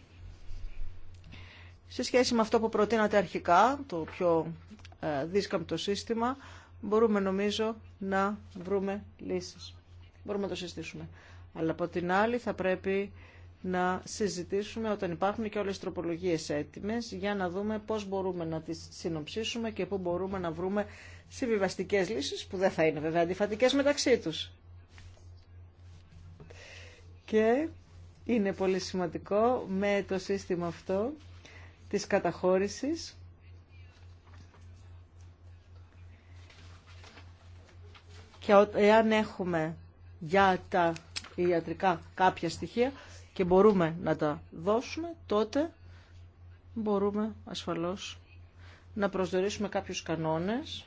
σε σχέση με αυτό που προτείνατε αρχικά, το πιο ε, δίσκαμπτο σύστημα, μπορούμε νομίζω να βρούμε λύσεις. Μπορούμε να το συστήσουμε. Αλλά από την άλλη θα πρέπει να συζητήσουμε όταν υπάρχουν και όλες οι τροπολογίες έτοιμες για να δούμε πώς μπορούμε να τις συνοψίσουμε και πού μπορούμε να βρούμε συμβιβαστικές λύσεις που δεν θα είναι βέβαια αντιφατικές μεταξύ τους. Και είναι πολύ σημαντικό με το σύστημα αυτό της καταχώρησης και εάν έχουμε για τα ιατρικά κάποια στοιχεία και μπορούμε να τα δώσουμε, τότε μπορούμε ασφαλώς να προσδιορίσουμε κάποιους κανόνες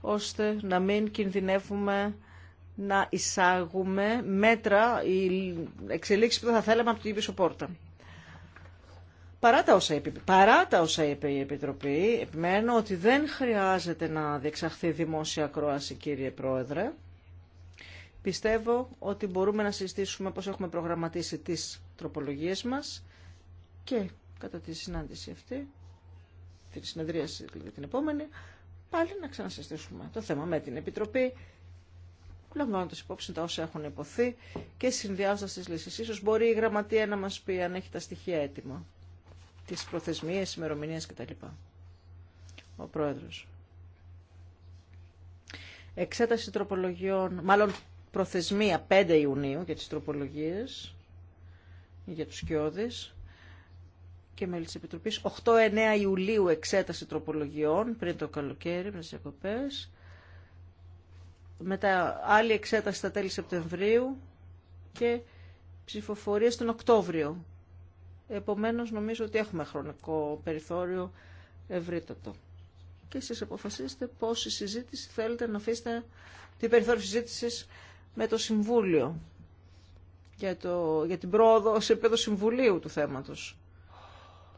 ώστε να μην κινδυνεύουμε να εισάγουμε μέτρα ή εξελίξεις που θα θέλαμε από την πίσω πόρτα. Παρά τα, όσα είπε, παρά η Επιτροπή, επιμένω ότι δεν χρειάζεται να διεξαχθεί δημόσια κρόαση, κύριε Πρόεδρε. Πιστεύω ότι μπορούμε να συζητήσουμε πώς έχουμε προγραμματίσει τις τροπολογίες μας και κατά τη συνάντηση αυτή, τη συνεδρίαση δηλαδή την επόμενη, πάλι να ξανασυστήσουμε το θέμα με την Επιτροπή, λαμβάνοντας υπόψη τα όσα έχουν υποθεί και συνδυάζοντας τις λύσεις. Ίσως μπορεί η γραμματεία να μας πει αν έχει τα στοιχεία έτοιμα, τις προθεσμίες, ημερομηνίε κτλ. Ο Πρόεδρος. Εξέταση τροπολογιών, μάλλον προθεσμία 5 Ιουνίου για τις τροπολογίες, για τους σκιώδεις και μέλη της Επιτροπής. 8-9 Ιουλίου εξέταση τροπολογιών πριν το καλοκαίρι, με τις εκοπές Μετά άλλη εξέταση στα τέλη Σεπτεμβρίου και ψηφοφορία τον Οκτώβριο. Επομένως νομίζω ότι έχουμε χρονικό περιθώριο ευρύτατο. Και εσείς αποφασίστε πόση συζήτηση θέλετε να αφήσετε, την περιθώριο συζήτησης με το Συμβούλιο για, το, για την πρόοδο σε επίπεδο Συμβουλίου του θέματος.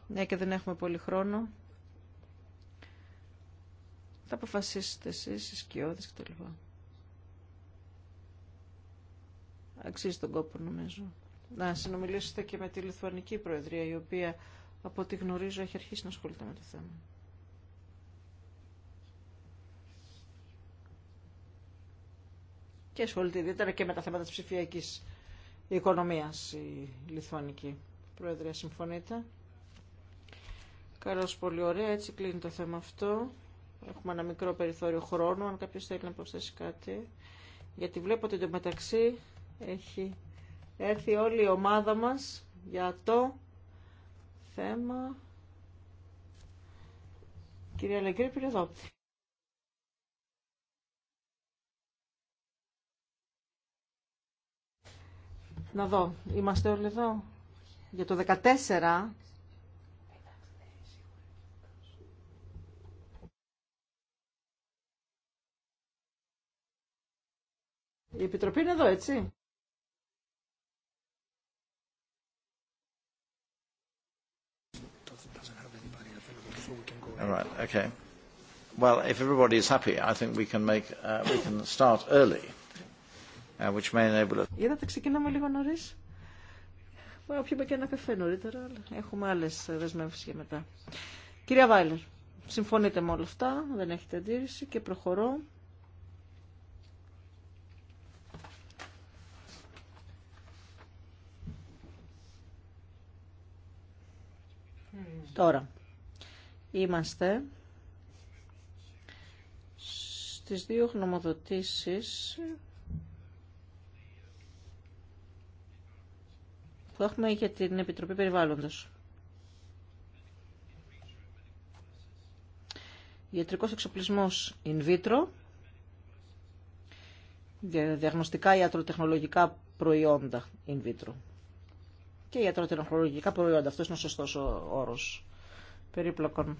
Ναι και δεν έχουμε πολύ χρόνο. Θα αποφασίσετε εσείς, οι σκιώδεις κτλ. Αξίζει τον κόπο νομίζω. Να συνομιλήσετε και με τη Λιθουανική Προεδρία η οποία από ό,τι γνωρίζω έχει αρχίσει να ασχολείται με το θέμα. και ασχολείται ιδιαίτερα και με τα θέματα της ψηφιακής οικονομίας η Λιθουανική Προεδρία. Συμφωνείτε. Καλώς, πολύ ωραία. Έτσι κλείνει το θέμα αυτό. Έχουμε ένα μικρό περιθώριο χρόνου, αν κάποιος θέλει να προσθέσει κάτι. Γιατί βλέπω ότι μεταξύ έχει έρθει όλη η ομάδα μας για το θέμα. Κυρία Λεγκρή, εδώ. Να δω, είμαστε όλοι εδώ. Για το 14... Η Επιτροπή είναι εδώ, έτσι. All right, okay. Well, if everybody is happy, I think we can make, uh, we can start early. Uh, which may τα ξεκινάμε λίγο νωρί. Μπορεί να πιούμε και ένα καφέ νωρίτερα, αλλά έχουμε άλλε δεσμεύσει για μετά. Κυρία Βάιλερ, συμφωνείτε με όλα αυτά, δεν έχετε αντίρρηση και προχωρώ. Τώρα, είμαστε στις δύο γνωμοδοτήσεις που έχουμε για την Επιτροπή Περιβάλλοντος. Ιατρικός εξοπλισμός in vitro, διαγνωστικά ιατροτεχνολογικά προϊόντα in vitro και ιατροτεχνολογικά προϊόντα. Αυτός είναι ο σωστός ο όρος περίπλοκων.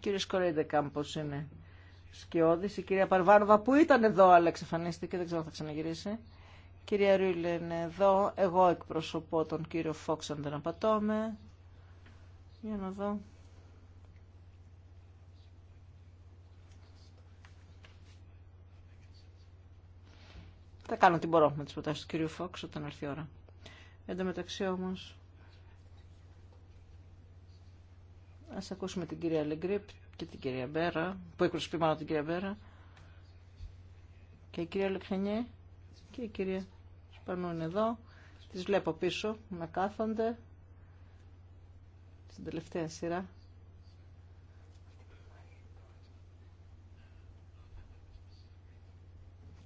Κύριε Σκορέντε Κάμπος είναι Σκιώδη, η κυρία Παρβάνοβα που ήταν εδώ αλλά εξαφανίστηκε, δεν ξέρω αν θα ξαναγυρίσει. Κυρία Ρούλε είναι εδώ, εγώ εκπροσωπώ τον κύριο Φόξ αν δεν απατώμε. Για να δω. Θα κάνω τι μπορώ με τις προτάσεις του κύριου Φόξ όταν έρθει η ώρα. Εν τω μεταξύ όμως... Ας ακούσουμε την κυρία Λεγκρίπτ και την κυρία Μπέρα, που εκπροσωπεί μάλλον την κυρία Μπέρα, και η κυρία Λεχνιέ και η κυρία Σπανού είναι εδώ. Τις βλέπω πίσω να κάθονται στην τελευταία σειρά.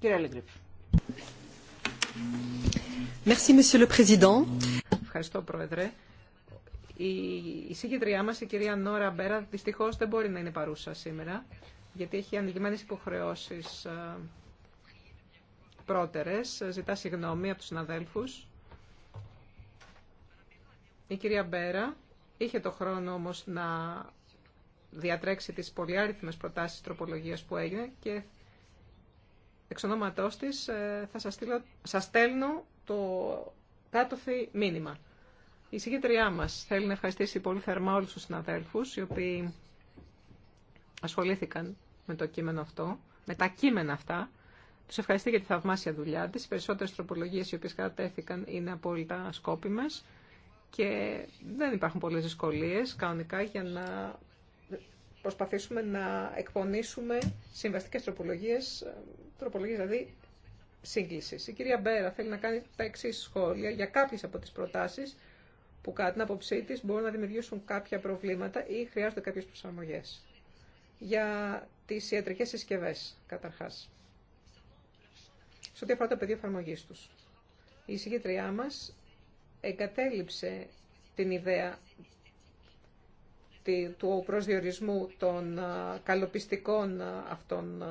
κυρία Λεγκρίπ. Ευχαριστώ, Πρόεδρε. Η συγκεντριά μας, η κυρία Νόρα Μπέρα, δυστυχώς δεν μπορεί να είναι παρούσα σήμερα, γιατί έχει ανοιγμένες υποχρεώσεις ε, πρότερες. Ζητά συγγνώμη από τους συναδέλφους. Η κυρία Μπέρα είχε το χρόνο όμως να διατρέξει τις πολυάριθμες προτάσεις τροπολογίας που έγινε και εξ ονόματός της ε, θα σας, στέλνω το κάτωθι μήνυμα. Η συγκέντριά μας θέλει να ευχαριστήσει πολύ θερμά όλους τους συναδέλφους, οι οποίοι ασχολήθηκαν με το κείμενο αυτό, με τα κείμενα αυτά. Τους ευχαριστεί για τη θαυμάσια δουλειά της. Οι περισσότερες τροπολογίες οι οποίες κατατέθηκαν είναι απόλυτα σκόπιμες και δεν υπάρχουν πολλές δυσκολίε κανονικά για να προσπαθήσουμε να εκπονήσουμε συμβαστικές τροπολογίες, τροπολογίες δηλαδή σύγκλησης. Η κυρία Μπέρα θέλει να κάνει τα εξή σχόλια για κάποιε από τις προτάσεις που κατά την άποψή τη μπορούν να δημιουργήσουν κάποια προβλήματα ή χρειάζονται κάποιε προσαρμογέ. Για τι ιατρικέ συσκευέ, καταρχά. Σε ό,τι αφορά το πεδίο εφαρμογή του. Η εισηγήτριά μα εγκατέλειψε την ιδέα του προσδιορισμού των καλοπιστικών αυτών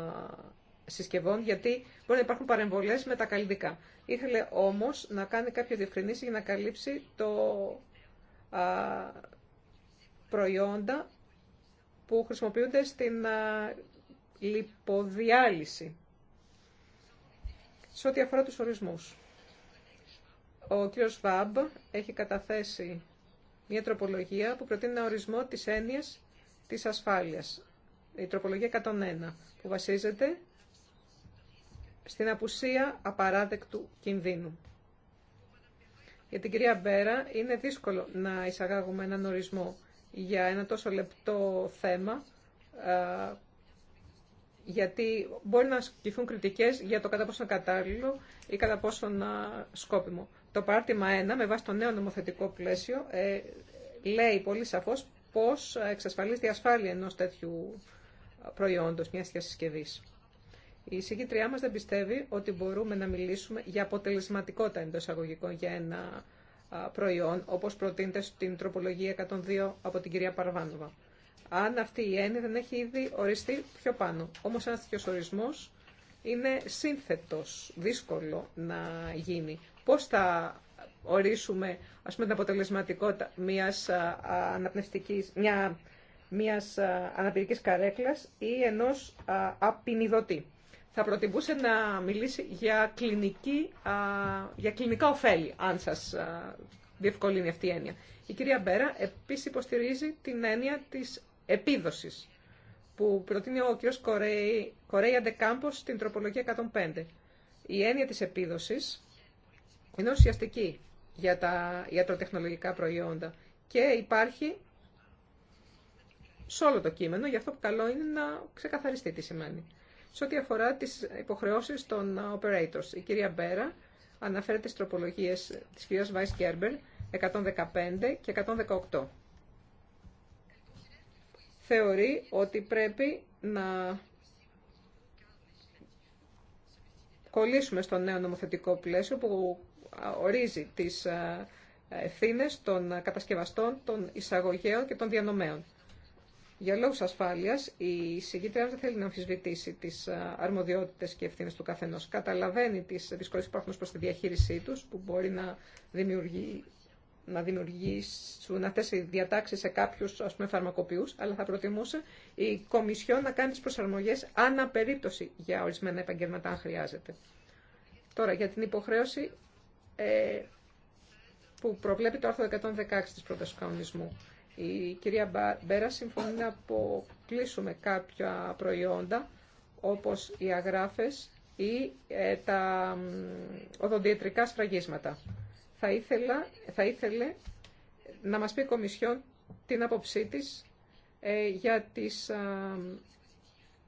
συσκευών, γιατί μπορεί να υπάρχουν παρεμβολές με τα καλλιτικά. Ήθελε όμως να κάνει κάποια διευκρινήση για να καλύψει το α, προϊόντα που χρησιμοποιούνται στην λιποδιάλυση. Σε ό,τι αφορά τους ορισμούς. Ο κ. Βάμπ έχει καταθέσει μια τροπολογία που προτείνει ένα ορισμό της έννοιας της ασφάλειας. Η τροπολογία 101 που βασίζεται στην απουσία απαράδεκτου κινδύνου. Για την κυρία Μπέρα είναι δύσκολο να εισαγάγουμε έναν ορισμό για ένα τόσο λεπτό θέμα, γιατί μπορεί να ασκηθούν κριτικές για το κατά πόσο κατάλληλο ή κατά πόσο σκόπιμο. Το παράρτημα 1, με βάση το νέο νομοθετικό πλαίσιο, ε, λέει πολύ σαφώς πώς εξασφαλίζει η ασφάλεια ενός τέτοιου προϊόντος, μιας συσκευής. Η συγκήτριά μας δεν πιστεύει ότι μπορούμε να μιλήσουμε για αποτελεσματικότητα εντό αγωγικών για ένα προϊόν, όπως προτείνεται στην τροπολογία 102 από την κυρία Παρβάνοβα. Αν αυτή η έννοια δεν έχει ήδη οριστεί πιο πάνω. Όμως ένας τέτοιο ορισμό είναι σύνθετος, δύσκολο να γίνει. Πώς θα ορίσουμε ας πούμε, την αποτελεσματικότητα μιας, αναπνευστικής, μιας αναπηρικής καρέκλας ή ενός απεινιδωτή θα προτιμούσε να μιλήσει για, κλινική, για κλινικά ωφέλη, αν σας διευκολύνει αυτή η έννοια. Η κυρία Μπέρα επίσης υποστηρίζει την έννοια της επίδοσης που προτείνει ο κ. Κορέι, Αντεκάμπος στην τροπολογία 105. Η έννοια της επίδοσης είναι ουσιαστική για τα ιατροτεχνολογικά προϊόντα και υπάρχει σε όλο το κείμενο, γι' αυτό που καλό είναι να ξεκαθαριστεί τι σημαίνει σε ό,τι αφορά τις υποχρεώσεις των operators. Η κυρία Μπέρα αναφέρει στις τροπολογίες της κυρίας Βάις Κέρμπερ 115 και 118. Θεωρεί ότι πρέπει να κολλήσουμε στο νέο νομοθετικό πλαίσιο που ορίζει τις ε, ευθύνε των κατασκευαστών, των εισαγωγέων και των διανομέων. Για λόγους ασφάλειας, η συγκήτρια δεν θέλει να αμφισβητήσει τις αρμοδιότητες και ευθύνε του καθενός. Καταλαβαίνει τις δυσκολίες που υπάρχουν προς τη διαχείρισή τους, που μπορεί να, δημιουργεί, να δημιουργήσουν αυτές οι διατάξεις σε κάποιου φαρμακοποιού, αλλά θα προτιμούσε η Κομισιόν να κάνει τι προσαρμογέ ανά περίπτωση για ορισμένα επαγγέλματα, αν χρειάζεται. Τώρα, για την υποχρέωση ε, που προβλέπει το άρθρο 116 τη πρόταση του κανονισμού. Η κυρία Μπέρα συμφωνεί να αποκλείσουμε κάποια προϊόντα όπως οι αγράφες ή ε, τα οδοντιατρικά σφραγίσματα. Θα, ήθελα, θα ήθελε να μας πει η Κομισιόν την άποψή της ε, για τις,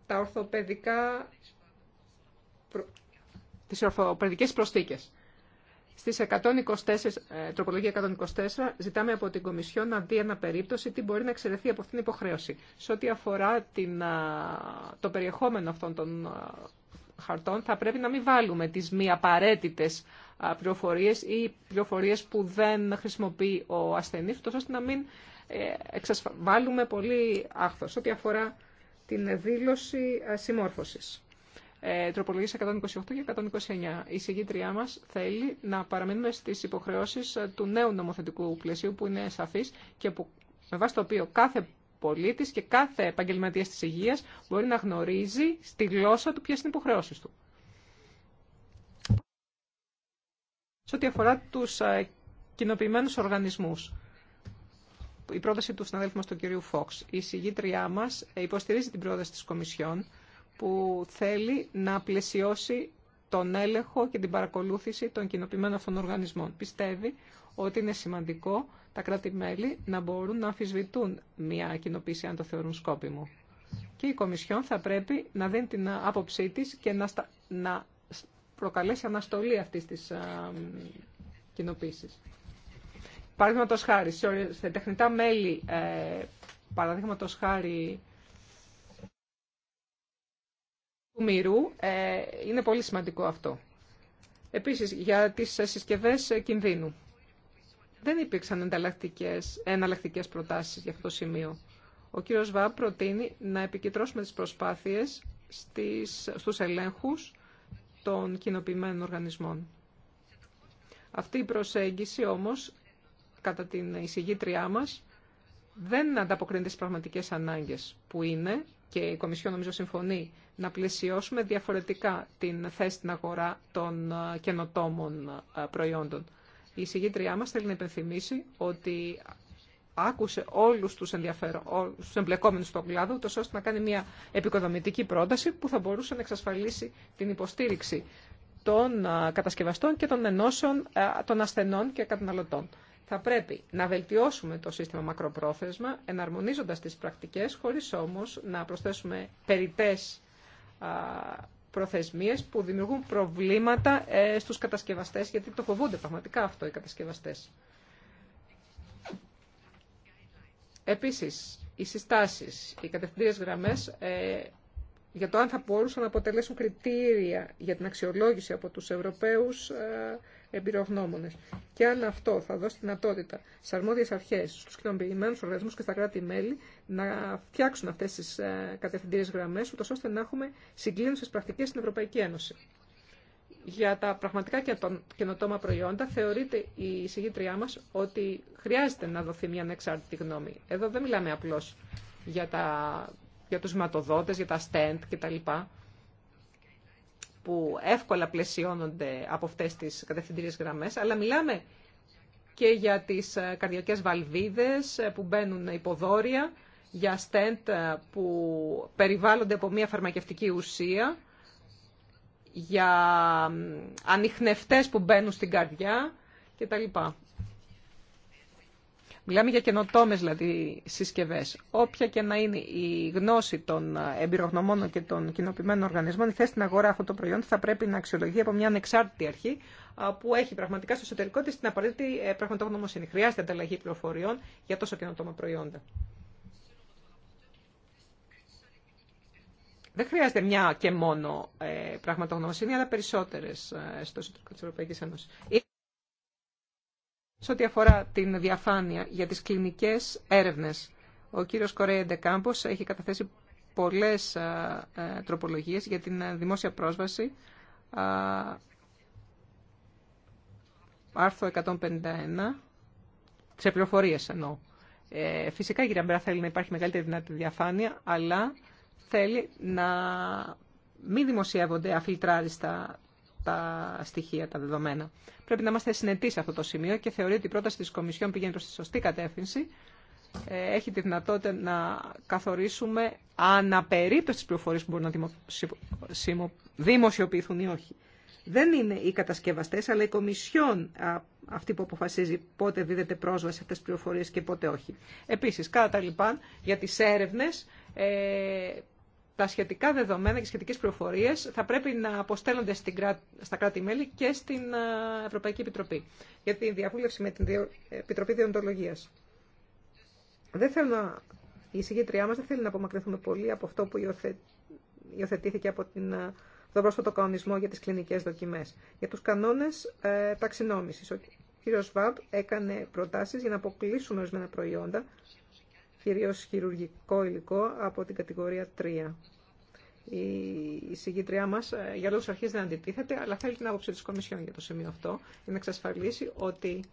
τα ορθοπαιδικά, τις ορθοπαιδικές προσθήκες. Στι 124, ε, τροπολογία 124 ζητάμε από την Κομισιό να δει ένα περίπτωση τι μπορεί να εξαιρεθεί από αυτήν την υποχρέωση. Σε ό,τι αφορά την, το περιεχόμενο αυτών των χαρτών θα πρέπει να μην βάλουμε τις μη απαραίτητε πληροφορίε ή πληροφορίε που δεν χρησιμοποιεί ο ασθενής, ώστε να μην ε, βάλουμε πολύ άχθος ό,τι αφορά την δήλωση ε, συμμόρφωση ε, τροπολογίες 128 και 129. Η συγκήτριά μας θέλει να παραμείνουμε στις υποχρεώσεις ε, του νέου νομοθετικού πλαισίου που είναι σαφής και που, με βάση το οποίο κάθε πολίτης και κάθε επαγγελματία της υγείας μπορεί να γνωρίζει στη γλώσσα του ποιες είναι οι υποχρεώσεις του. Σε ό,τι αφορά τους ε, κοινοποιημένους οργανισμούς, η πρόταση του συναδέλφου μας, του κυρίου Φόξ, η συγγήτριά μας ε, υποστηρίζει την πρόταση της Κομισιόν που θέλει να πλαισιώσει τον έλεγχο και την παρακολούθηση των κοινοποιημένων αυτών οργανισμών. Πιστεύει ότι είναι σημαντικό τα κράτη-μέλη να μπορούν να αμφισβητούν μια κοινοποίηση αν το θεωρούν σκόπιμο. Και η Κομισιόν θα πρέπει να δίνει την άποψή της και να, στα... να προκαλέσει αναστολή αυτής της κοινοποίηση. Παραδείγματο χάρη, σε τεχνητά μέλη, ε, χάρη του ε, είναι πολύ σημαντικό αυτό. Επίσης, για τις συσκευές κινδύνου. Δεν υπήρξαν εναλλακτικέ προτάσεις για αυτό το σημείο. Ο κύριος Βάμπ προτείνει να επικεντρώσουμε τις προσπάθειες στις, στους ελέγχους των κοινοποιημένων οργανισμών. Αυτή η προσέγγιση όμως, κατά την εισηγήτριά μας, δεν ανταποκρίνεται στις πραγματικές ανάγκες, που είναι και η Κομισιόν νομίζω συμφωνεί, να πλαισιώσουμε διαφορετικά την θέση στην αγορά των ε, καινοτόμων ε, προϊόντων. Η συγγήτριά μας θέλει να υπενθυμίσει ότι άκουσε όλους τους, ενδιαφερο... όλους τους εμπλεκόμενους στον κλάδο, ώστε να κάνει μια επικοδομητική πρόταση που θα μπορούσε να εξασφαλίσει την υποστήριξη των ε, κατασκευαστών και των ενώσεων των ασθενών και καταναλωτών. Θα πρέπει να βελτιώσουμε το σύστημα μακροπρόθεσμα, εναρμονίζοντας τις πρακτικές, χωρίς όμως να προσθέσουμε περιτές προθεσμίες που δημιουργούν προβλήματα ε, στους κατασκευαστές, γιατί το φοβούνται πραγματικά αυτό οι κατασκευαστές. Επίσης, οι συστάσεις, οι κατευθυντήριες γραμμές ε, για το αν θα μπορούσαν να αποτελέσουν κριτήρια για την αξιολόγηση από τους Ευρωπαίους ε, εμπειρογνώμονες. Και αν αυτό θα δώσει δυνατότητα στις αρμόδιες αρχές, στους κοινωνικοποιημένους οργανισμούς και στα κράτη-μέλη να φτιάξουν αυτές τις ε, κατευθυντήριες γραμμές, ούτως ώστε να έχουμε συγκλίνουσες πρακτικές στην Ευρωπαϊκή Ένωση. Για τα πραγματικά καινοτόμα προϊόντα θεωρείται η εισηγήτριά μας ότι χρειάζεται να δοθεί μια ανεξάρτητη γνώμη. Εδώ δεν μιλάμε απλώς για τα για τους ματοδότες, για τα στέντ και τα που εύκολα πλαισιώνονται από αυτές τις κατευθυντήριες γραμμές, αλλά μιλάμε και για τις ε, καρδιακές βαλβίδες ε, που μπαίνουν υποδόρια, για στέντ ε, που περιβάλλονται από μια φαρμακευτική ουσία, για ανιχνευτές που μπαίνουν στην καρδιά και Μιλάμε για καινοτόμε δηλαδή συσκευέ. Όποια και να είναι η γνώση των εμπειρογνωμών και των κοινοποιημένων οργανισμών, η θέση στην αγορά αυτών των προϊόντων θα πρέπει να αξιολογεί από μια ανεξάρτητη αρχή που έχει πραγματικά στο εσωτερικό τη την απαραίτητη ε, πραγματογνωμοσύνη. Χρειάζεται ανταλλαγή πληροφοριών για τόσο καινοτόμα προϊόντα. Δεν χρειάζεται μια και μόνο ε, πραγματογνωμοσύνη, αλλά περισσότερε ε, στο εσωτερικό τη Ευρωπαϊκή Ένωση. Σε ό,τι αφορά την διαφάνεια για τις κλινικές έρευνες, ο κύριος Κορέι Κάμπος έχει καταθέσει πολλές ε, τροπολογίες για την ε, δημόσια πρόσβαση. Άρθρο 151, σε πληροφορίες εννοώ. Ε, φυσικά η κυρία Μπέρα θέλει να υπάρχει μεγαλύτερη δυνατή διαφάνεια, αλλά θέλει να μην δημοσιεύονται αφιλτράριστα τα στοιχεία, τα δεδομένα. Πρέπει να είμαστε συνετοί σε αυτό το σημείο και θεωρεί ότι η πρόταση της Κομισιόν πηγαίνει προ τη σωστή κατεύθυνση. Ε, έχει τη δυνατότητα να καθορίσουμε αναπερίπτωση τις πληροφορίες που μπορούν να δημοσιοποιηθούν ή όχι. Δεν είναι οι κατασκευαστές, αλλά η οχι δεν ειναι οι κατασκευαστε αυτή που αποφασίζει πότε δίδεται πρόσβαση σε αυτέ τι πληροφορίε και πότε όχι. Επίση, κατά τα λοιπά, για τι έρευνε. Ε, τα σχετικά δεδομένα και σχετικές πληροφορίες θα πρέπει να αποστέλλονται στην, στα κράτη-μέλη και στην Ευρωπαϊκή Επιτροπή για τη διαβούλευση με την Επιτροπή Διοντολογίας. Δεν θέλω να... Η συγκεκριά μας δεν θέλει να απομακρυνθούμε πολύ από αυτό που υιοθε... υιοθετήθηκε από την... τον πρόσφατο κανονισμό για τις κλινικές δοκιμές. Για τους κανόνες ε, ταξινόμησης. Ο κ. Σβάμπ έκανε προτάσεις για να αποκλείσουν ορισμένα προϊόντα κυρίως χειρουργικό υλικό από την κατηγορία 3. Η συγκίτριά μα ε, για λόγου αρχή δεν αντιτίθεται, αλλά θέλει την άποψη τη Κομισιόν για το σημείο αυτό, για να εξασφαλίσει ότι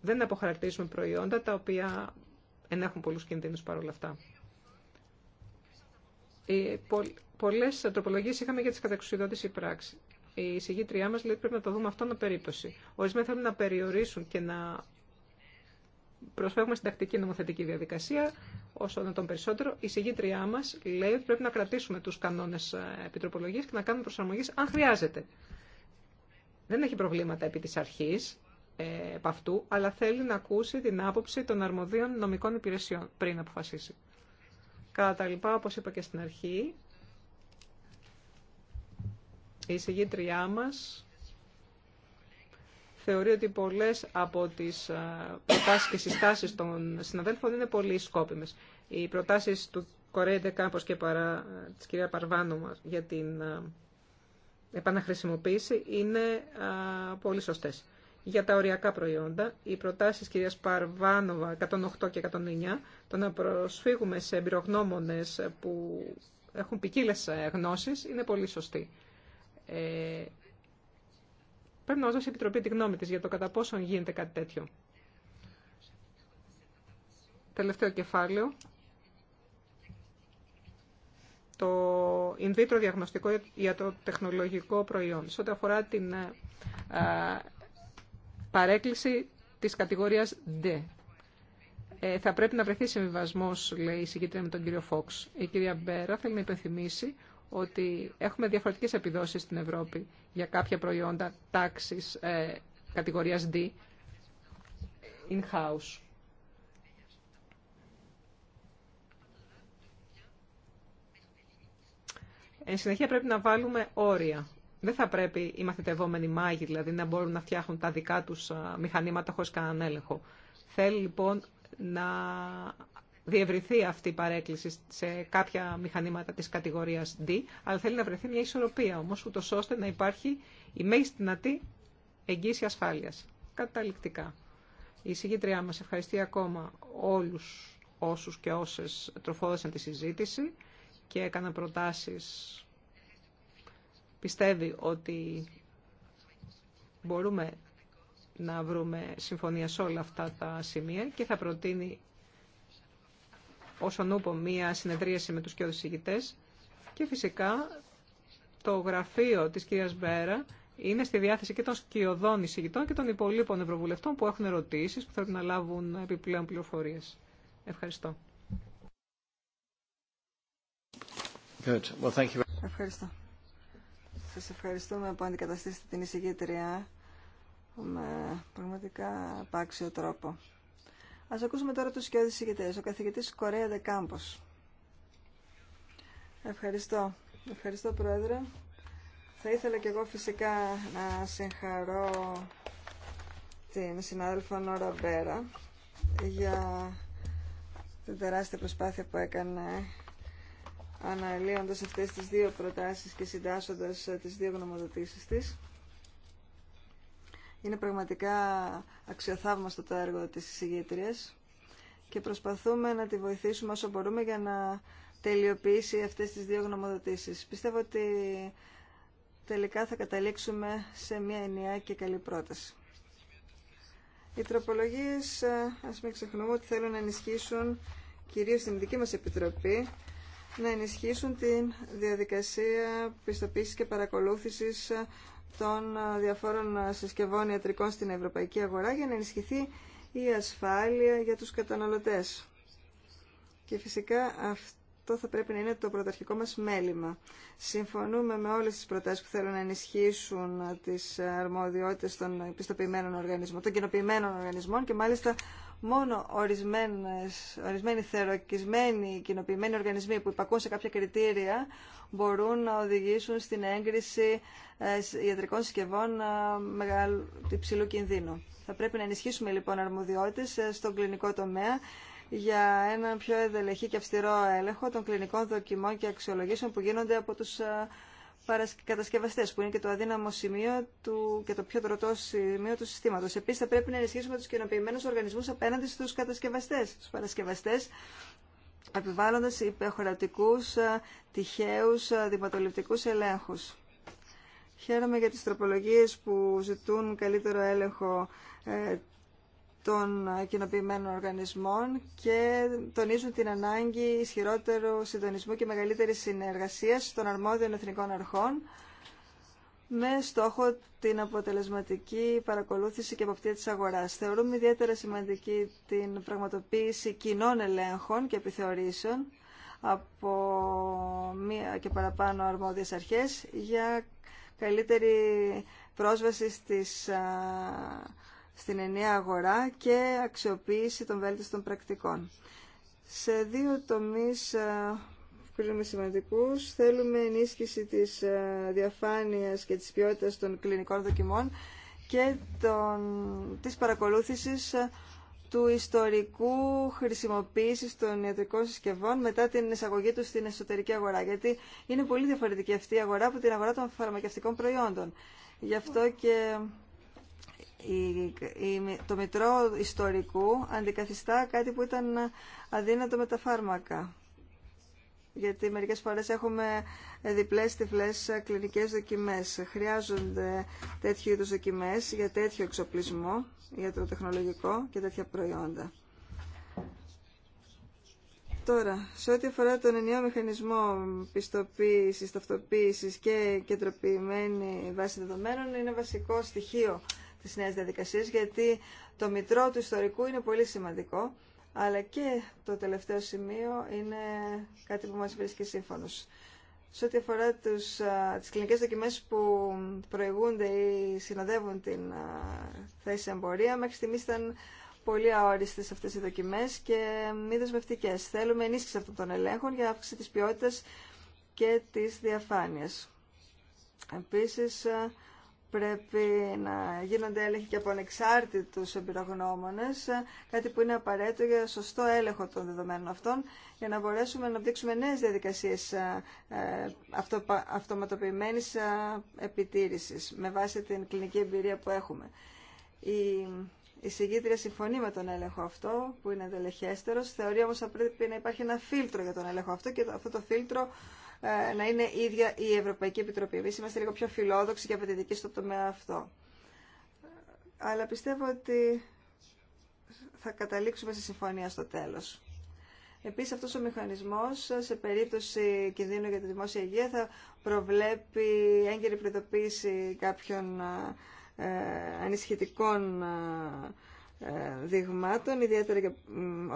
δεν αποχαρακτηρίζουμε προϊόντα τα οποία ενέχουν πολλού κινδύνου παρόλα αυτά. Πολλέ τροπολογίε είχαμε για τι καταξιδότητε πράξη. Η συγκίτριά μα λέει πρέπει να το δούμε αυτόν ο περίπτωση. Ορισμένοι θέλουν να περιορίσουν και να προσφεύγουμε στην τακτική νομοθετική διαδικασία όσο να τον περισσότερο. Η συγγήτριά μα λέει ότι πρέπει να κρατήσουμε του κανόνε επιτροπολογία και να κάνουμε προσαρμογή αν χρειάζεται. Δεν έχει προβλήματα επί τη αρχή ε, αυτού, αλλά θέλει να ακούσει την άποψη των αρμοδίων νομικών υπηρεσιών πριν αποφασίσει. Κατά τα λοιπά, όπω είπα και στην αρχή, η συγγήτριά μας θεωρεί ότι πολλέ από τις ε, προτάσεις και συστάσεις των συναδέλφων είναι πολύ σκόπιμες. Οι προτάσει του Κορέντε κάπω και παρά, ε, της κυρία Παρβάνου για την ε, επαναχρησιμοποίηση είναι πολύ σωστέ. Για τα οριακά προϊόντα, οι προτάσεις κυρίας Παρβάνοβα 108 και 109, το να προσφύγουμε σε εμπειρογνώμονες που έχουν ποικίλε γνώσεις, είναι πολύ σωστή. Πρέπει να μα δώσει η Επιτροπή τη γνώμη της για το κατά πόσον γίνεται κάτι τέτοιο. Τελευταίο κεφάλαιο. Το in vitro διαγνωστικό Τεχνολογικό προϊόν. Σε ό,τι αφορά την ε, α, παρέκκληση της κατηγορίας D. Ε, θα πρέπει να βρεθεί συμβιβασμό, λέει η συγκεκριμένη με τον κύριο Φόξ. Η κυρία Μπέρα θέλει να υπενθυμίσει ότι έχουμε διαφορετικές επιδόσεις στην Ευρώπη για κάποια προϊόντα τάξης ε, κατηγορίας D in-house. Εν συνεχεία πρέπει να βάλουμε όρια. Δεν θα πρέπει οι μαθητευόμενοι μάγοι δηλαδή να μπορούν να φτιάχνουν τα δικά τους ε, μηχανήματα χωρίς κανέναν έλεγχο. Θέλει λοιπόν να Διευρυθεί αυτή η παρέκκληση σε κάποια μηχανήματα της κατηγορίας D, αλλά θέλει να βρεθεί μια ισορροπία όμως, ούτως ώστε να υπάρχει η μέγιστη δυνατή εγγύηση ασφάλειας. Καταληκτικά. Η συγκήτριά μας ευχαριστεί ακόμα όλους όσους και όσες τροφόδωσαν τη συζήτηση και έκαναν προτάσεις. Πιστεύει ότι μπορούμε να βρούμε συμφωνία σε όλα αυτά τα σημεία και θα προτείνει όσον ούπο μία συνεδρίαση με τους κοιόδους και φυσικά το γραφείο της κυρίας Μπέρα είναι στη διάθεση και των σκιωδών εισηγητών και των υπολείπων ευρωβουλευτών που έχουν ερωτήσεις που θέλουν να λάβουν επιπλέον πληροφορίες. Ευχαριστώ. Ευχαριστώ. Σας ευχαριστούμε που αντικαταστήσετε την εισηγήτρια με πραγματικά απάξιο τρόπο. Ας ακούσουμε τώρα τους σκιώδεις ηγητές. Ο καθηγητής Κορέα Δεκάμπος. Ευχαριστώ. Ευχαριστώ, Πρόεδρε. Θα ήθελα και εγώ φυσικά να συγχαρώ την συνάδελφο Νόρα Μπέρα για την τεράστια προσπάθεια που έκανε αναλύοντας αυτές τις δύο προτάσεις και συντάσσοντας ε, τις δύο γνωμοδοτήσεις της. Είναι πραγματικά αξιοθαύμαστο το έργο της εισηγήτριας και προσπαθούμε να τη βοηθήσουμε όσο μπορούμε για να τελειοποιήσει αυτές τις δύο γνωμοδοτήσεις. Πιστεύω ότι τελικά θα καταλήξουμε σε μια ενιαία και καλή πρόταση. Οι τροπολογίες, ε, ας μην ξεχνούμε, ότι θέλουν να ενισχύσουν, κυρίως στην δική μας Επιτροπή, να ενισχύσουν την διαδικασία πιστοποίησης και παρακολούθησης των ε, διαφόρων ε, συσκευών ιατρικών στην ευρωπαϊκή αγορά για να ενισχυθεί η ασφάλεια για τους καταναλωτές. Και φυσικά αυτό θα πρέπει να είναι το πρωταρχικό μας μέλημα. Συμφωνούμε με όλες τις προτάσεις που θέλουν να ενισχύσουν ε, τις αρμοδιότητες των επιστοποιημένων οργανισμών, των κοινοποιημένων οργανισμών και μάλιστα μόνο ορισμένες, ορισμένοι θεροκισμένοι κοινοποιημένοι οργανισμοί που υπακούν σε κάποια κριτήρια μπορούν να οδηγήσουν στην έγκριση ε, ιατρικών συσκευών ε, μεγάλου, υψηλού κινδύνου. Θα πρέπει να ενισχύσουμε λοιπόν αρμοδιότητες ε, στον κλινικό τομέα για έναν πιο εδελεχή και αυστηρό έλεγχο των κλινικών δοκιμών και αξιολογήσεων που γίνονται από τους Κατασκευαστέ, που είναι και το αδύναμο σημείο του, και το πιο τροτό σημείο του συστήματος. Επίση θα πρέπει να ενισχύσουμε τους κοινοποιημένου οργανισμούς απέναντι στους κατασκευαστέ, τους παρασκευαστές επιβάλλοντα υπεχωρατικούς, ε, τυχαίους, ε, δημοτοληπτικού ελέγχους. Χαίρομαι για τις τροπολογίες που ζητούν καλύτερο έλεγχο ε, των κοινοποιημένων οργανισμών και τονίζουν την ανάγκη ισχυρότερου συντονισμού και μεγαλύτερης συνεργασίας των αρμόδιων εθνικών αρχών με στόχο την αποτελεσματική παρακολούθηση και εποπτεία της αγοράς. Θεωρούμε ιδιαίτερα σημαντική την πραγματοποίηση κοινών ελέγχων και επιθεωρήσεων από μία και παραπάνω αρμόδιες αρχές για καλύτερη πρόσβαση στις στην ενιαία αγορά και αξιοποίηση των βέλτιστων πρακτικών. Σε δύο τομείς ε, που σημαντικούς θέλουμε ενίσχυση της ε, διαφάνειας και της ποιότητας των κλινικών δοκιμών και των, της παρακολούθησης ε, του ιστορικού χρησιμοποίησης των ιατρικών συσκευών μετά την εισαγωγή του στην εσωτερική αγορά. Γιατί είναι πολύ διαφορετική αυτή η αγορά από την αγορά των φαρμακευτικών προϊόντων. Γι' αυτό και το Μητρό Ιστορικού αντικαθιστά κάτι που ήταν αδύνατο με τα φάρμακα. Γιατί μερικές φορές έχουμε διπλές τυφλές κλινικές δοκιμές. Χρειάζονται τέτοιου είδους δοκιμές για τέτοιο εξοπλισμό, ιατροτεχνολογικό και τέτοια προϊόντα. Τώρα, σε ό,τι αφορά τον ενιαίο μηχανισμό πιστοποίησης, ταυτοποίησης και κεντροποιημένη βάση δεδομένων, είναι βασικό στοιχείο της νέας διαδικασίας, γιατί το μητρό του ιστορικού είναι πολύ σημαντικό, αλλά και το τελευταίο σημείο είναι κάτι που μας βρίσκει σύμφωνος. Σε ό,τι αφορά τους, κλινικέ τις κλινικές δοκιμές που προηγούνται ή συνοδεύουν την θέση εμπορία, μέχρι στιγμής ήταν πολύ αόριστες αυτές οι δοκιμές και μη δεσμευτικέ. Θέλουμε ενίσχυση αυτών των ελέγχων για αύξηση της ποιότητας και της διαφάνειας. Επίσης, πρέπει να γίνονται έλεγχοι και από ανεξάρτητους εμπειρογνώμονες, κάτι που είναι απαραίτητο για σωστό έλεγχο των δεδομένων αυτών, για να μπορέσουμε να δείξουμε νέες διαδικασίες ε, αυτοματοποιημένης ε, επιτήρησης, με βάση την κλινική εμπειρία που έχουμε. Η, η συμφωνεί με τον έλεγχο αυτό, που είναι εντελεχέστερος, θεωρεί όμως ότι πρέπει να υπάρχει ένα φίλτρο για τον έλεγχο αυτό και αυτό το φίλτρο ε, να είναι ίδια η Ευρωπαϊκή Επιτροπή. Εμεί είμαστε λίγο πιο φιλόδοξοι και απαιτητικοί στο τομέα αυτό. Αλλά πιστεύω ότι θα καταλήξουμε σε συμφωνία στο τέλος. Επίσης αυτός ο μηχανισμός σε περίπτωση κινδύνου για τη δημόσια υγεία θα προβλέπει έγκαιρη προειδοποίηση κάποιων ε, ανησυχητικών ε, δειγμάτων, ιδιαίτερα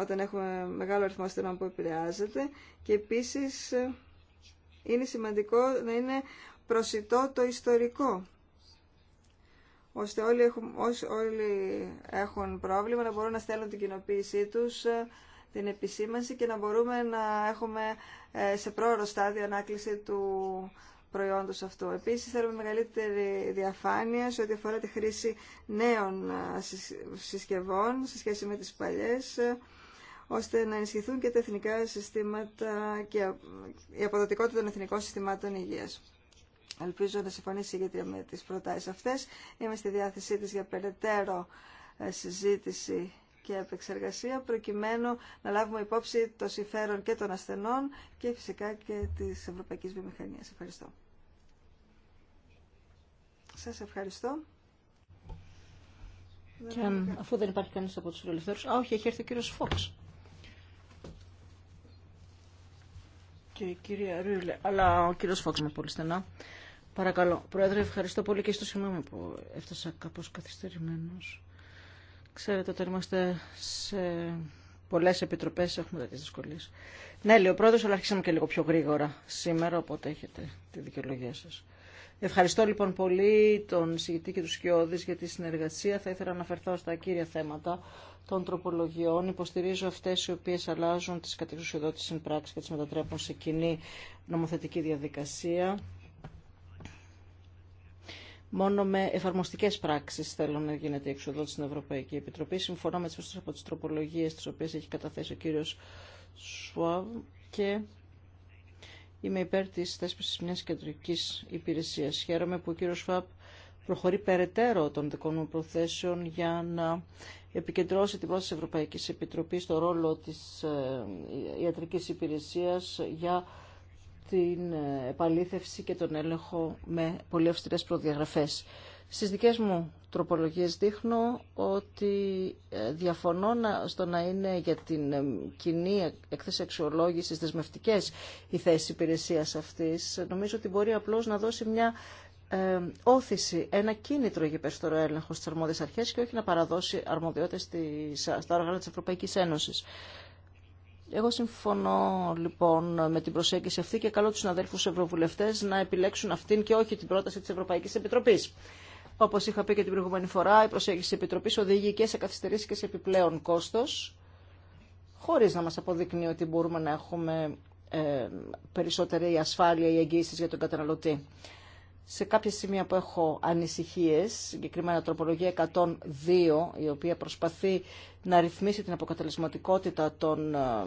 όταν έχουμε μεγάλο αριθμό ασθενών που επηρεάζεται και επίσης είναι σημαντικό να είναι προσιτό το ιστορικό ώστε όλοι έχουν, όλοι έχουν πρόβλημα να μπορούν να στέλνουν την κοινοποίησή τους, ε, την επισήμανση και να μπορούμε να έχουμε ε, σε πρόωρο στάδιο ανάκληση του προϊόντος αυτού. Επίσης θέλουμε μεγαλύτερη διαφάνεια σε ό,τι αφορά τη χρήση νέων ε, συσκευών σε σχέση με τις παλιές ώστε να ενισχυθούν και τα εθνικά συστήματα και η αποδοτικότητα των εθνικών συστημάτων υγείας. Ελπίζω να συμφωνήσει η Γετρία με τις προτάσεις αυτές. Είμαι στη διάθεσή της για περαιτέρω ε, συζήτηση και επεξεργασία προκειμένου να λάβουμε υπόψη το συμφέρον και των ασθενών και φυσικά και της Ευρωπαϊκής Βιομηχανίας. Ευχαριστώ. Σας ευχαριστώ. Και αφού δεν υπάρχει κανείς από τους φιλελευθέρους... Α, όχι, έχει έρθει ο κύριος Φόξ. και κυρία Ρούλε, αλλά ο κύριο Φόξ με πολύ στενά. Παρακαλώ. Πρόεδρε, ευχαριστώ πολύ και στο συγγνώμη που έφτασα κάπως καθυστερημένος. Ξέρετε, ότι είμαστε σε πολλέ επιτροπέ έχουμε τέτοιε δυσκολίε. Ναι, λέει ο πρόεδρο, αλλά αρχίσαμε και λίγο πιο γρήγορα σήμερα, οπότε έχετε τη δικαιολογία σα. Ευχαριστώ λοιπόν πολύ τον συγητή και του Σκιώδης για τη συνεργασία. Θα ήθελα να αναφερθώ στα κύρια θέματα των τροπολογιών. Υποστηρίζω αυτές οι οποίες αλλάζουν τις στην πράξη και τις μετατρέπουν σε κοινή νομοθετική διαδικασία. Μόνο με εφαρμοστικέ πράξει θέλω να γίνεται η εξοδότηση στην Ευρωπαϊκή Επιτροπή. Συμφωνώ με τι από τι τροπολογίε τι οποίε έχει καταθέσει ο κύριο Σουάβ και Είμαι υπέρ τη θέσπιση μια κεντρική υπηρεσία. Χαίρομαι που ο κύριο Φαπ προχωρεί περαιτέρω των δικών μου προθέσεων για να επικεντρώσει την πρόταση Ευρωπαϊκή Επιτροπή στο ρόλο της ε, ιατρικής υπηρεσίας για την ε, επαλήθευση και τον έλεγχο με πολύ αυστηρές προδιαγραφές. Στις δικές μου τροπολογίες δείχνω ότι ε, διαφωνώ στο να είναι για την ε, κοινή εκθέση αξιολόγηση δεσμευτικές οι θέσεις υπηρεσίας αυτής. Νομίζω ότι μπορεί απλώς να δώσει μια ε, όθηση, ένα κίνητρο για περισσότερο έλεγχο στις αρμόδιες αρχές και όχι να παραδώσει αρμοδιότητες στα όργανα της Ευρωπαϊκής Ένωσης. Εγώ συμφωνώ λοιπόν με την προσέγγιση αυτή και καλώ τους συναδέλφους ευρωβουλευτές να επιλέξουν αυτήν και όχι την πρόταση της Ευρωπαϊκής Επιτροπής. Όπως είχα πει και την προηγούμενη φορά, η προσέγγιση τη Επιτροπής οδηγεί και σε καθυστερήσει και σε επιπλέον κόστο, χωρί να μας αποδεικνύει ότι μπορούμε να έχουμε ε, περισσότερη ασφάλεια ή εγγύηση για τον καταναλωτή. Σε κάποια σημεία που έχω ανησυχίες, συγκεκριμένα τροπολογία 102, η οποία προσπαθεί να ρυθμίσει την αποκαταλεσματικότητα των ε,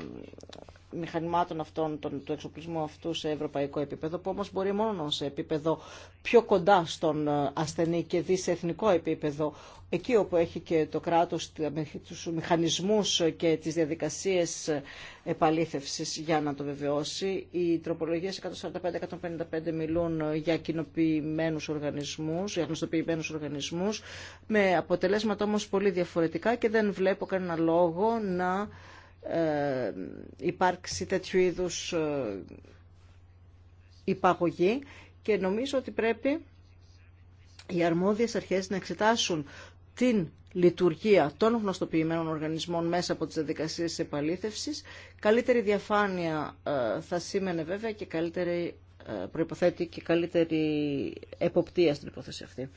μηχανημάτων αυτών, τον, του εξοπλισμού αυτού σε ευρωπαϊκό επίπεδο, που όμως μπορεί μόνο σε επίπεδο πιο κοντά στον ε, ασθενή και δει σε εθνικό επίπεδο, εκεί όπου έχει και το κράτος τους μηχανισμούς και τις διαδικασίες ε, επαλήθευσης για να το βεβαιώσει. Οι τροπολογίες 145-155 μιλούν για κοινοποιημένους οργανισμούς, για γνωστοποιημένου οργανισμούς, με αποτελέσματα όμως πολύ διαφορετικά και δεν βλέπω κανένα λόγο να ε, υπάρξει τέτοιου είδους ε, υπαγωγή και νομίζω ότι πρέπει οι αρμόδιες αρχές να εξετάσουν την λειτουργία των γνωστοποιημένων οργανισμών μέσα από τις διαδικασίες επαλήθευσης. Καλύτερη διαφάνεια ε, θα σήμαινε βέβαια και καλύτερη προϋποθέτει και καλύτερη εποπτεία στην υπόθεση αυτή.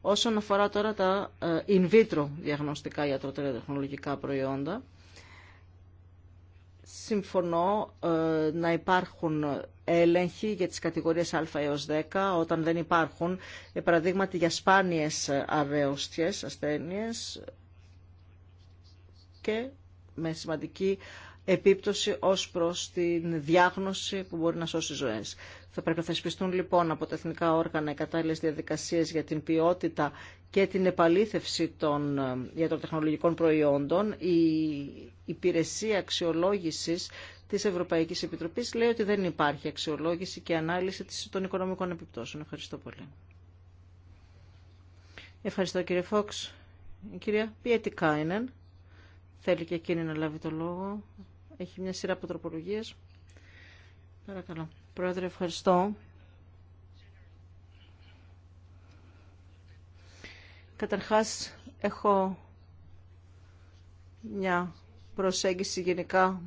Όσον αφορά τώρα τα in vitro διαγνωστικά τεχνολογικά προϊόντα, συμφωνώ ε, να υπάρχουν έλεγχοι για τις κατηγορίες α έως 10 όταν δεν υπάρχουν, για ε, παραδείγματι για σπάνιες αρρεώστιες ασθένειες και με σημαντική επίπτωση ως προς την διάγνωση που μπορεί να σώσει ζωές. Θα πρέπει να θεσπιστούν λοιπόν από τα εθνικά όργανα οι κατάλληλε διαδικασίε για την ποιότητα και την επαλήθευση των ε, ιατροτεχνολογικών προϊόντων. Η υπηρεσία αξιολόγηση τη Ευρωπαϊκή Επιτροπή λέει ότι δεν υπάρχει αξιολόγηση και ανάλυση των οικονομικών επιπτώσεων. Ευχαριστώ πολύ. Ευχαριστώ κύριε Φόξ. Η κυρία Πιέτη Κάινεν θέλει και εκείνη να λάβει το λόγο. Έχει μια σειρά από τροπολογίες. Παρακαλώ. Πρόεδρε, ευχαριστώ. Καταρχάς, έχω μια προσέγγιση γενικά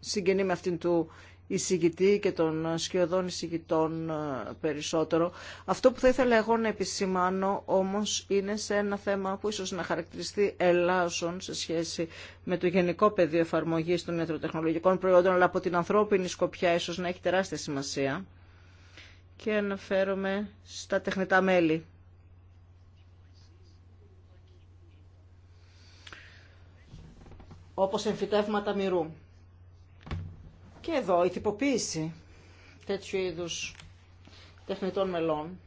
συγγενή με αυτήν του εισηγητή και των σκιωδών εισηγητών ε, περισσότερο. Αυτό που θα ήθελα εγώ να επισημάνω όμως είναι σε ένα θέμα που ίσως να χαρακτηριστεί ελάσσον σε σχέση με το γενικό πεδίο εφαρμογής των ιατροτεχνολογικών προϊόντων, αλλά από την ανθρώπινη σκοπιά ίσως να έχει τεράστια σημασία. Και αναφέρομαι στα τεχνητά μέλη. όπως εμφυτεύματα μυρού και εδώ η τυποποίηση τέτοιου είδου τεχνητών μελών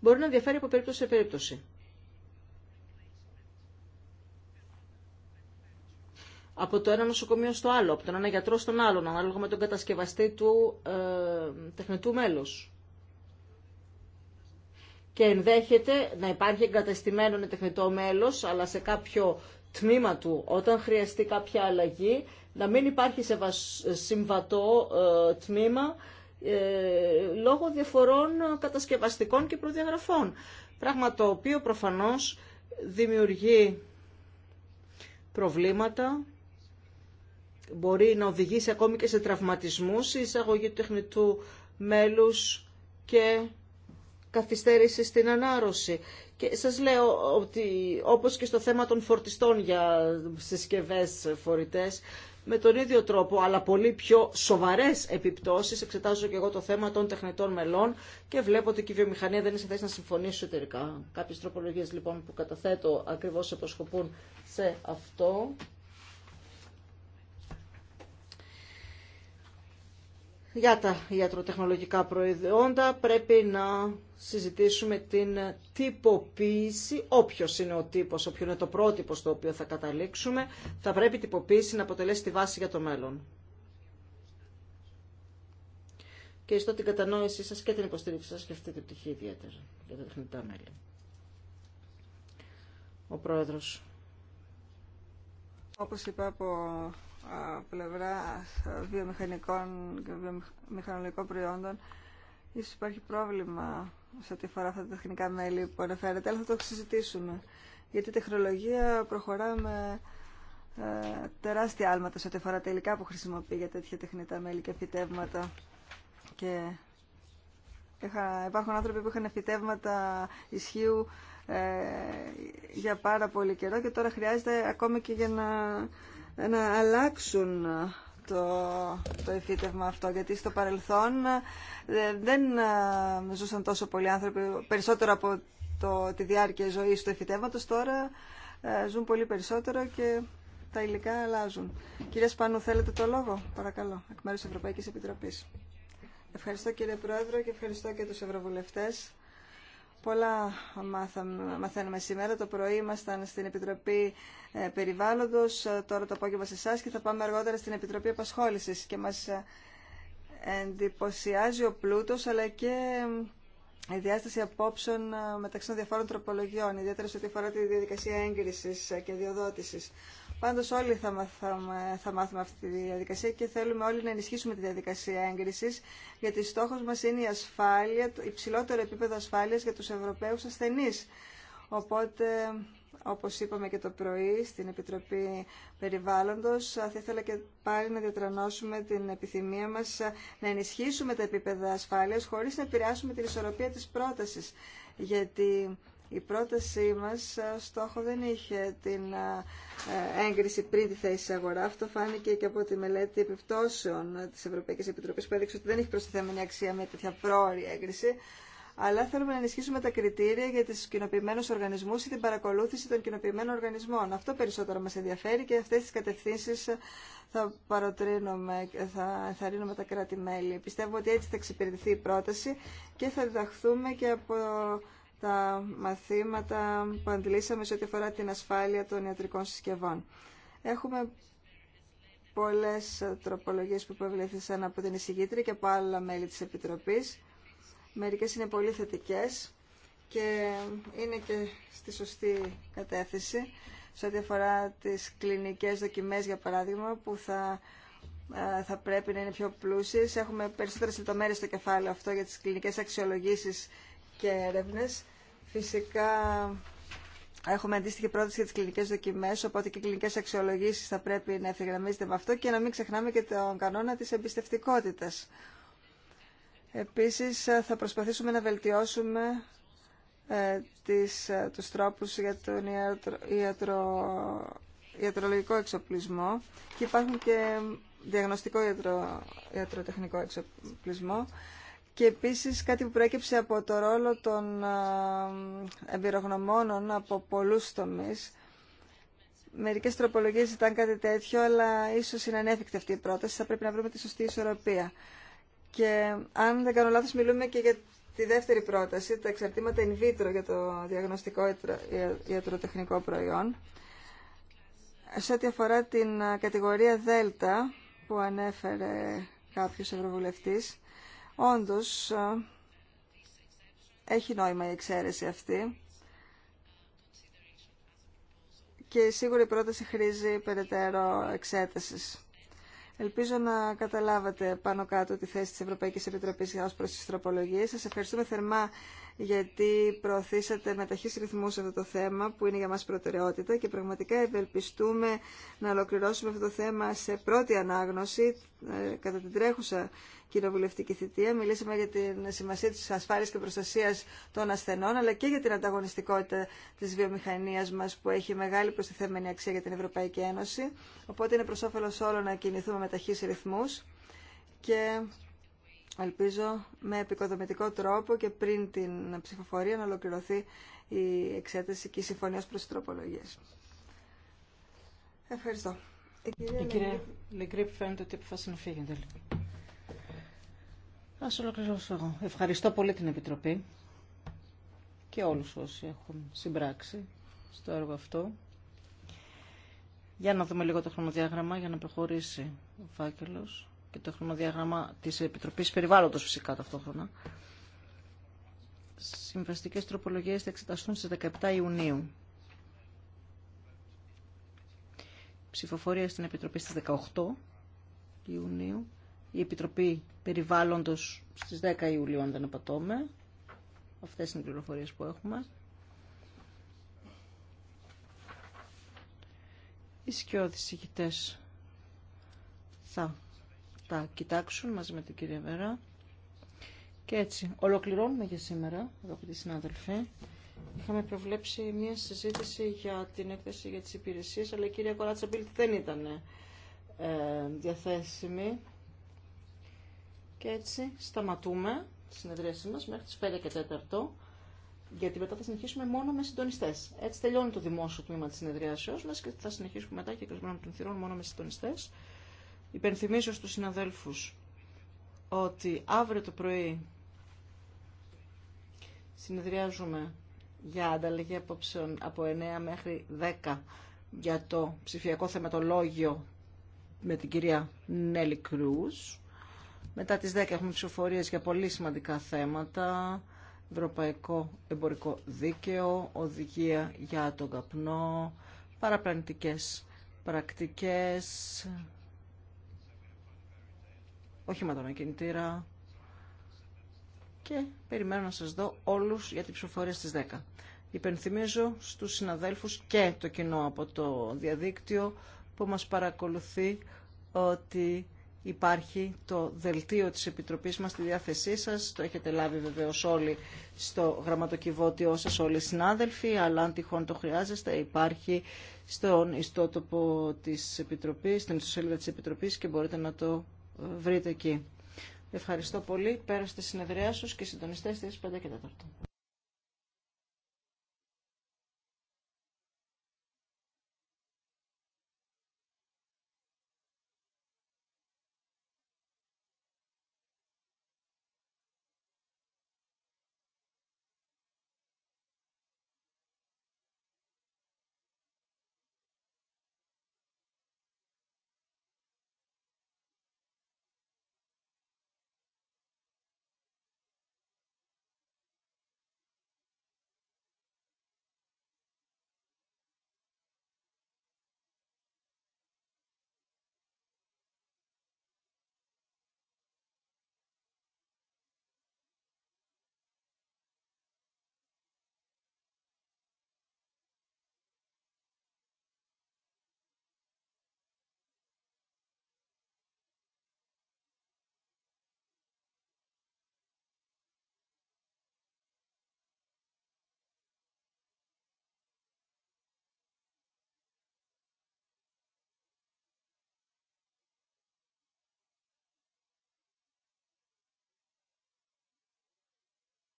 μπορεί να διαφέρει από περίπτωση σε περίπτωση. από το ένα νοσοκομείο στο άλλο, από τον ένα γιατρό στον άλλον, ανάλογα με τον κατασκευαστή του ε, τεχνητού μέλους. Και ενδέχεται να υπάρχει εγκατεστημένο τεχνητό μέλος, αλλά σε κάποιο τμήμα του όταν χρειαστεί κάποια αλλαγή να μην υπάρχει συμβατό ε, τμήμα ε, λόγω διαφορών κατασκευαστικών και προδιαγραφών. Πράγμα το οποίο προφανώς δημιουργεί προβλήματα, μπορεί να οδηγήσει ακόμη και σε τραυματισμούς, η εισαγωγή του τεχνητού μέλους και καθυστέρηση στην ανάρρωση. Και σας λέω ότι όπως και στο θέμα των φορτιστών για συσκευές φορητές, με τον ίδιο τρόπο, αλλά πολύ πιο σοβαρές επιπτώσεις, εξετάζω και εγώ το θέμα των τεχνητών μελών και βλέπω ότι και η βιομηχανία δεν είναι σε θέση να συμφωνήσει εσωτερικά. Κάποιες τροπολογίες λοιπόν που καταθέτω ακριβώς αποσκοπούν σε αυτό. για τα ιατροτεχνολογικά προϊόντα πρέπει να συζητήσουμε την τυποποίηση, όποιος είναι ο τύπος, όποιο είναι το πρότυπο στο οποίο θα καταλήξουμε, θα πρέπει η τυποποίηση να αποτελέσει τη βάση για το μέλλον. Και στο την κατανόησή σας και την υποστήριξη σας και αυτή την πτυχή ιδιαίτερα για τα τεχνητά μέλη. Ο Πρόεδρος. Όπως είπα από πλευρά βιομηχανικών και βιομηχανολογικών προϊόντων ίσως υπάρχει πρόβλημα σε ό,τι αφορά αυτά τα τεχνικά μέλη που αναφέρεται, αλλά θα το συζητήσουμε. Γιατί η τεχνολογία προχωρά με ε, τεράστια άλματα σε ό,τι αφορά τα υλικά που χρησιμοποιεί για τέτοια τεχνητά μέλη και φυτεύματα. Και είχα, υπάρχουν άνθρωποι που είχαν φυτεύματα ισχύου ε, για πάρα πολύ καιρό και τώρα χρειάζεται ακόμη και για να να αλλάξουν ε, το, το εφήτευμα αυτό, γιατί στο παρελθόν ε, δεν ε, ζούσαν τόσο πολλοί άνθρωποι, περισσότερο από το, τη διάρκεια ζωής του εφητεύματος, τώρα ζουν πολύ περισσότερο και τα υλικά αλλάζουν. Κύριε Σπανού, θέλετε το λόγο, παρακαλώ, εκ μέρους Ευρωπαϊκής Επιτροπής. Ευχαριστώ κύριε Πρόεδρο και ευχαριστώ και τους Ευρωβουλευτές Πολλά μαθαίνουμε σήμερα. Το πρωί ήμασταν στην Επιτροπή ε, Περιβάλλοντος, ε, τώρα το απόγευμα σε εσά και θα πάμε αργότερα στην Επιτροπή Απασχόλησης και μας ε, εντυπωσιάζει ο πλούτος αλλά και η διάσταση απόψεων μεταξύ των διαφόρων τροπολογιών, ιδιαίτερα σε ό,τι αφορά τη διαδικασία έγκρισης και διοδότησης. Πάντως όλοι θα μάθουμε, θα μάθουμε αυτή τη διαδικασία και θέλουμε όλοι να ενισχύσουμε τη διαδικασία έγκρισης, γιατί στόχος μας είναι η ασφάλεια, το υψηλότερο επίπεδο ασφάλειας για τους Ευρωπαίους ασθενείς. Οπότε, όπως είπαμε και το πρωί στην Επιτροπή Περιβάλλοντος, θα ήθελα και πάλι να διατρανώσουμε την επιθυμία μας να ενισχύσουμε τα επίπεδα ασφάλειας χωρίς να επηρεάσουμε την ισορροπία της πρότασης. Γιατί η πρότασή μας ε, στόχο δεν είχε την ε, έγκριση πριν τη θέση αγορά. Αυτό φάνηκε και από τη μελέτη επιπτώσεων της Ευρωπαϊκής Επιτροπής που έδειξε ότι δεν έχει προστιθέμενη αξία με τέτοια πρόορη έγκριση. Αλλά θέλουμε να ενισχύσουμε τα κριτήρια για του κοινοποιημένου οργανισμού ή την παρακολούθηση των κοινοποιημένων οργανισμών. Αυτό περισσότερο μα ενδιαφέρει και αυτέ τι κατευθύνσει ε, θα παροτρύνουμε, θα ενθαρρύνουμε τα κράτη-μέλη. Πιστεύουμε ότι έτσι θα εξυπηρετηθεί η την παρακολουθηση των κοινοποιημενων οργανισμων αυτο περισσοτερο μα ενδιαφερει και αυτε τι κατευθυνσει θα παροτρυνουμε θα ενθαρρυνουμε τα κρατη μελη Πιστεύω οτι ετσι θα εξυπηρετηθει η προταση και θα διδαχθούμε και από τα μαθήματα που αντιλήσαμε σε ό,τι αφορά την ασφάλεια των ιατρικών συσκευών. Έχουμε πολλές τροπολογίες που προβλήθησαν από την εισηγήτρια και από άλλα μέλη της Επιτροπής. Μερικές είναι πολύ θετικές και είναι και στη σωστή κατεύθυνση σε ό,τι αφορά τις κλινικές δοκιμές, για παράδειγμα, που θα, ε, θα πρέπει να είναι πιο πλούσιες. Έχουμε περισσότερες λεπτομέρειες στο κεφάλαιο αυτό για τις κλινικές αξιολογήσεις και έρευνες Φυσικά έχουμε αντίστοιχη πρόταση για τι κλινικέ δοκιμέ, οπότε και οι κλινικέ αξιολογήσει θα πρέπει να ευθυγραμμίζεται με αυτό και να μην ξεχνάμε και τον κανόνα τη εμπιστευτικότητα. Επίσης θα προσπαθήσουμε να βελτιώσουμε ε, τις, ε, τους τρόπους για τον ιατρο, ιατρο, ιατρολογικό εξοπλισμό και υπάρχουν και διαγνωστικό ιατρο, ιατροτεχνικό εξοπλισμό και επίση, κάτι που προέκυψε από το ρόλο των εμπειρογνωμόνων από πολλούς τομεί, Μερικές τροπολογίες ήταν κάτι τέτοιο, αλλά ίσως είναι ανέφικτη αυτή η πρόταση. Θα πρέπει να βρούμε τη σωστή ισορροπία. Και αν δεν κάνω λάθος, μιλούμε και για τη δεύτερη πρόταση, τα εξαρτήματα in vitro για το διαγνωστικό ιατροτεχνικό προϊόν. Σε ό,τι αφορά την κατηγορία Δέλτα που ανέφερε κάποιος ευρωβουλευτής, Όντως, ε, έχει νόημα η εξαίρεση αυτή και σίγουρα η πρόταση χρήζει περαιτέρω εξέτασης. Ελπίζω να καταλάβατε πάνω κάτω τη θέση της Ευρωπαϊκής Επιτροπής ως προς τις τροπολογίες. Σας ευχαριστούμε θερμά γιατί προωθήσατε με ταχύς ρυθμούς αυτό το θέμα που είναι για μας προτεραιότητα και πραγματικά ευελπιστούμε να ολοκληρώσουμε αυτό το θέμα σε πρώτη ανάγνωση ε, κατά την τρέχουσα κοινοβουλευτική θητεία. Μιλήσαμε για την σημασία της ασφάλειας και προστασίας των ασθενών, αλλά και για την ανταγωνιστικότητα της βιομηχανίας μας που έχει μεγάλη προστιθέμενη αξία για την Ευρωπαϊκή Ένωση. Οπότε είναι προς όφελος όλων να κινηθούμε με ταχύς ρυθμούς και ελπίζω με επικοδομητικό τρόπο και πριν την ψηφοφορία να ολοκληρωθεί η εξέταση και η συμφωνία προς τροπολογίες. Ευχαριστώ. η κυρία Λεγκρίπ φαίνεται ότι αποφάσισε να φύγει. Ας ολοκληρώσω εγώ. Ευχαριστώ πολύ την Επιτροπή και όλους όσοι έχουν συμπράξει στο έργο αυτό. Για να δούμε λίγο το χρονοδιάγραμμα για να προχωρήσει ο φάκελος και το χρονοδιάγραμμα της Επιτροπής Περιβάλλοντος φυσικά ταυτόχρονα. Συμβαστικές τροπολογίες θα εξεταστούν στις 17 Ιουνίου. Ψηφοφορία στην Επιτροπή στις 18 Ιουνίου η Επιτροπή Περιβάλλοντος στις 10 Ιουλίου, αν δεν απατώμε. Αυτές είναι οι πληροφορίες που έχουμε. Οι σκιώδεις ηγητές θα τα κοιτάξουν μαζί με την κυρία Βερά. Και έτσι, ολοκληρώνουμε για σήμερα, αγαπητοί συνάδελφοι. Είχαμε προβλέψει μια συζήτηση για την έκθεση για τις υπηρεσίες, αλλά η κυρία Κοράτσα δεν ήταν ε, διαθέσιμη. Και έτσι σταματούμε τη συνεδρίασή μας μέχρι τι 5 και 4, γιατί μετά θα συνεχίσουμε μόνο με συντονιστέ. Έτσι τελειώνει το δημόσιο τμήμα τη συνεδρίασεώ μα και θα συνεχίσουμε μετά και κλεισμένο των θυρών μόνο με συντονιστέ. Υπενθυμίζω στους συναδέλφου ότι αύριο το πρωί συνεδριάζουμε για ανταλλαγή απόψεων από 9 μέχρι 10 για το ψηφιακό θεματολόγιο με την κυρία Νέλη Κρούς. Μετά τις 10 έχουμε ψηφοφορίες για πολύ σημαντικά θέματα. Ευρωπαϊκό εμπορικό δίκαιο, οδηγία για τον καπνό, παραπλανητικές πρακτικές, οχήματα με κινητήρα και περιμένω να σας δω όλους για την ψηφοφορία στις 10. Υπενθυμίζω στους συναδέλφους και το κοινό από το διαδίκτυο που μας παρακολουθεί ότι υπάρχει το δελτίο της Επιτροπής μας στη διάθεσή σας. Το έχετε λάβει βεβαίως όλοι στο γραμματοκιβώτιό σας όλοι οι συνάδελφοι, αλλά αν τυχόν το χρειάζεστε υπάρχει στον ιστότοπο της Επιτροπής, στην ιστοσελίδα της Επιτροπής και μπορείτε να το ε, βρείτε εκεί. Ευχαριστώ πολύ. Πέραστε συνεδριά σας και συντονιστές στις 5 και 4.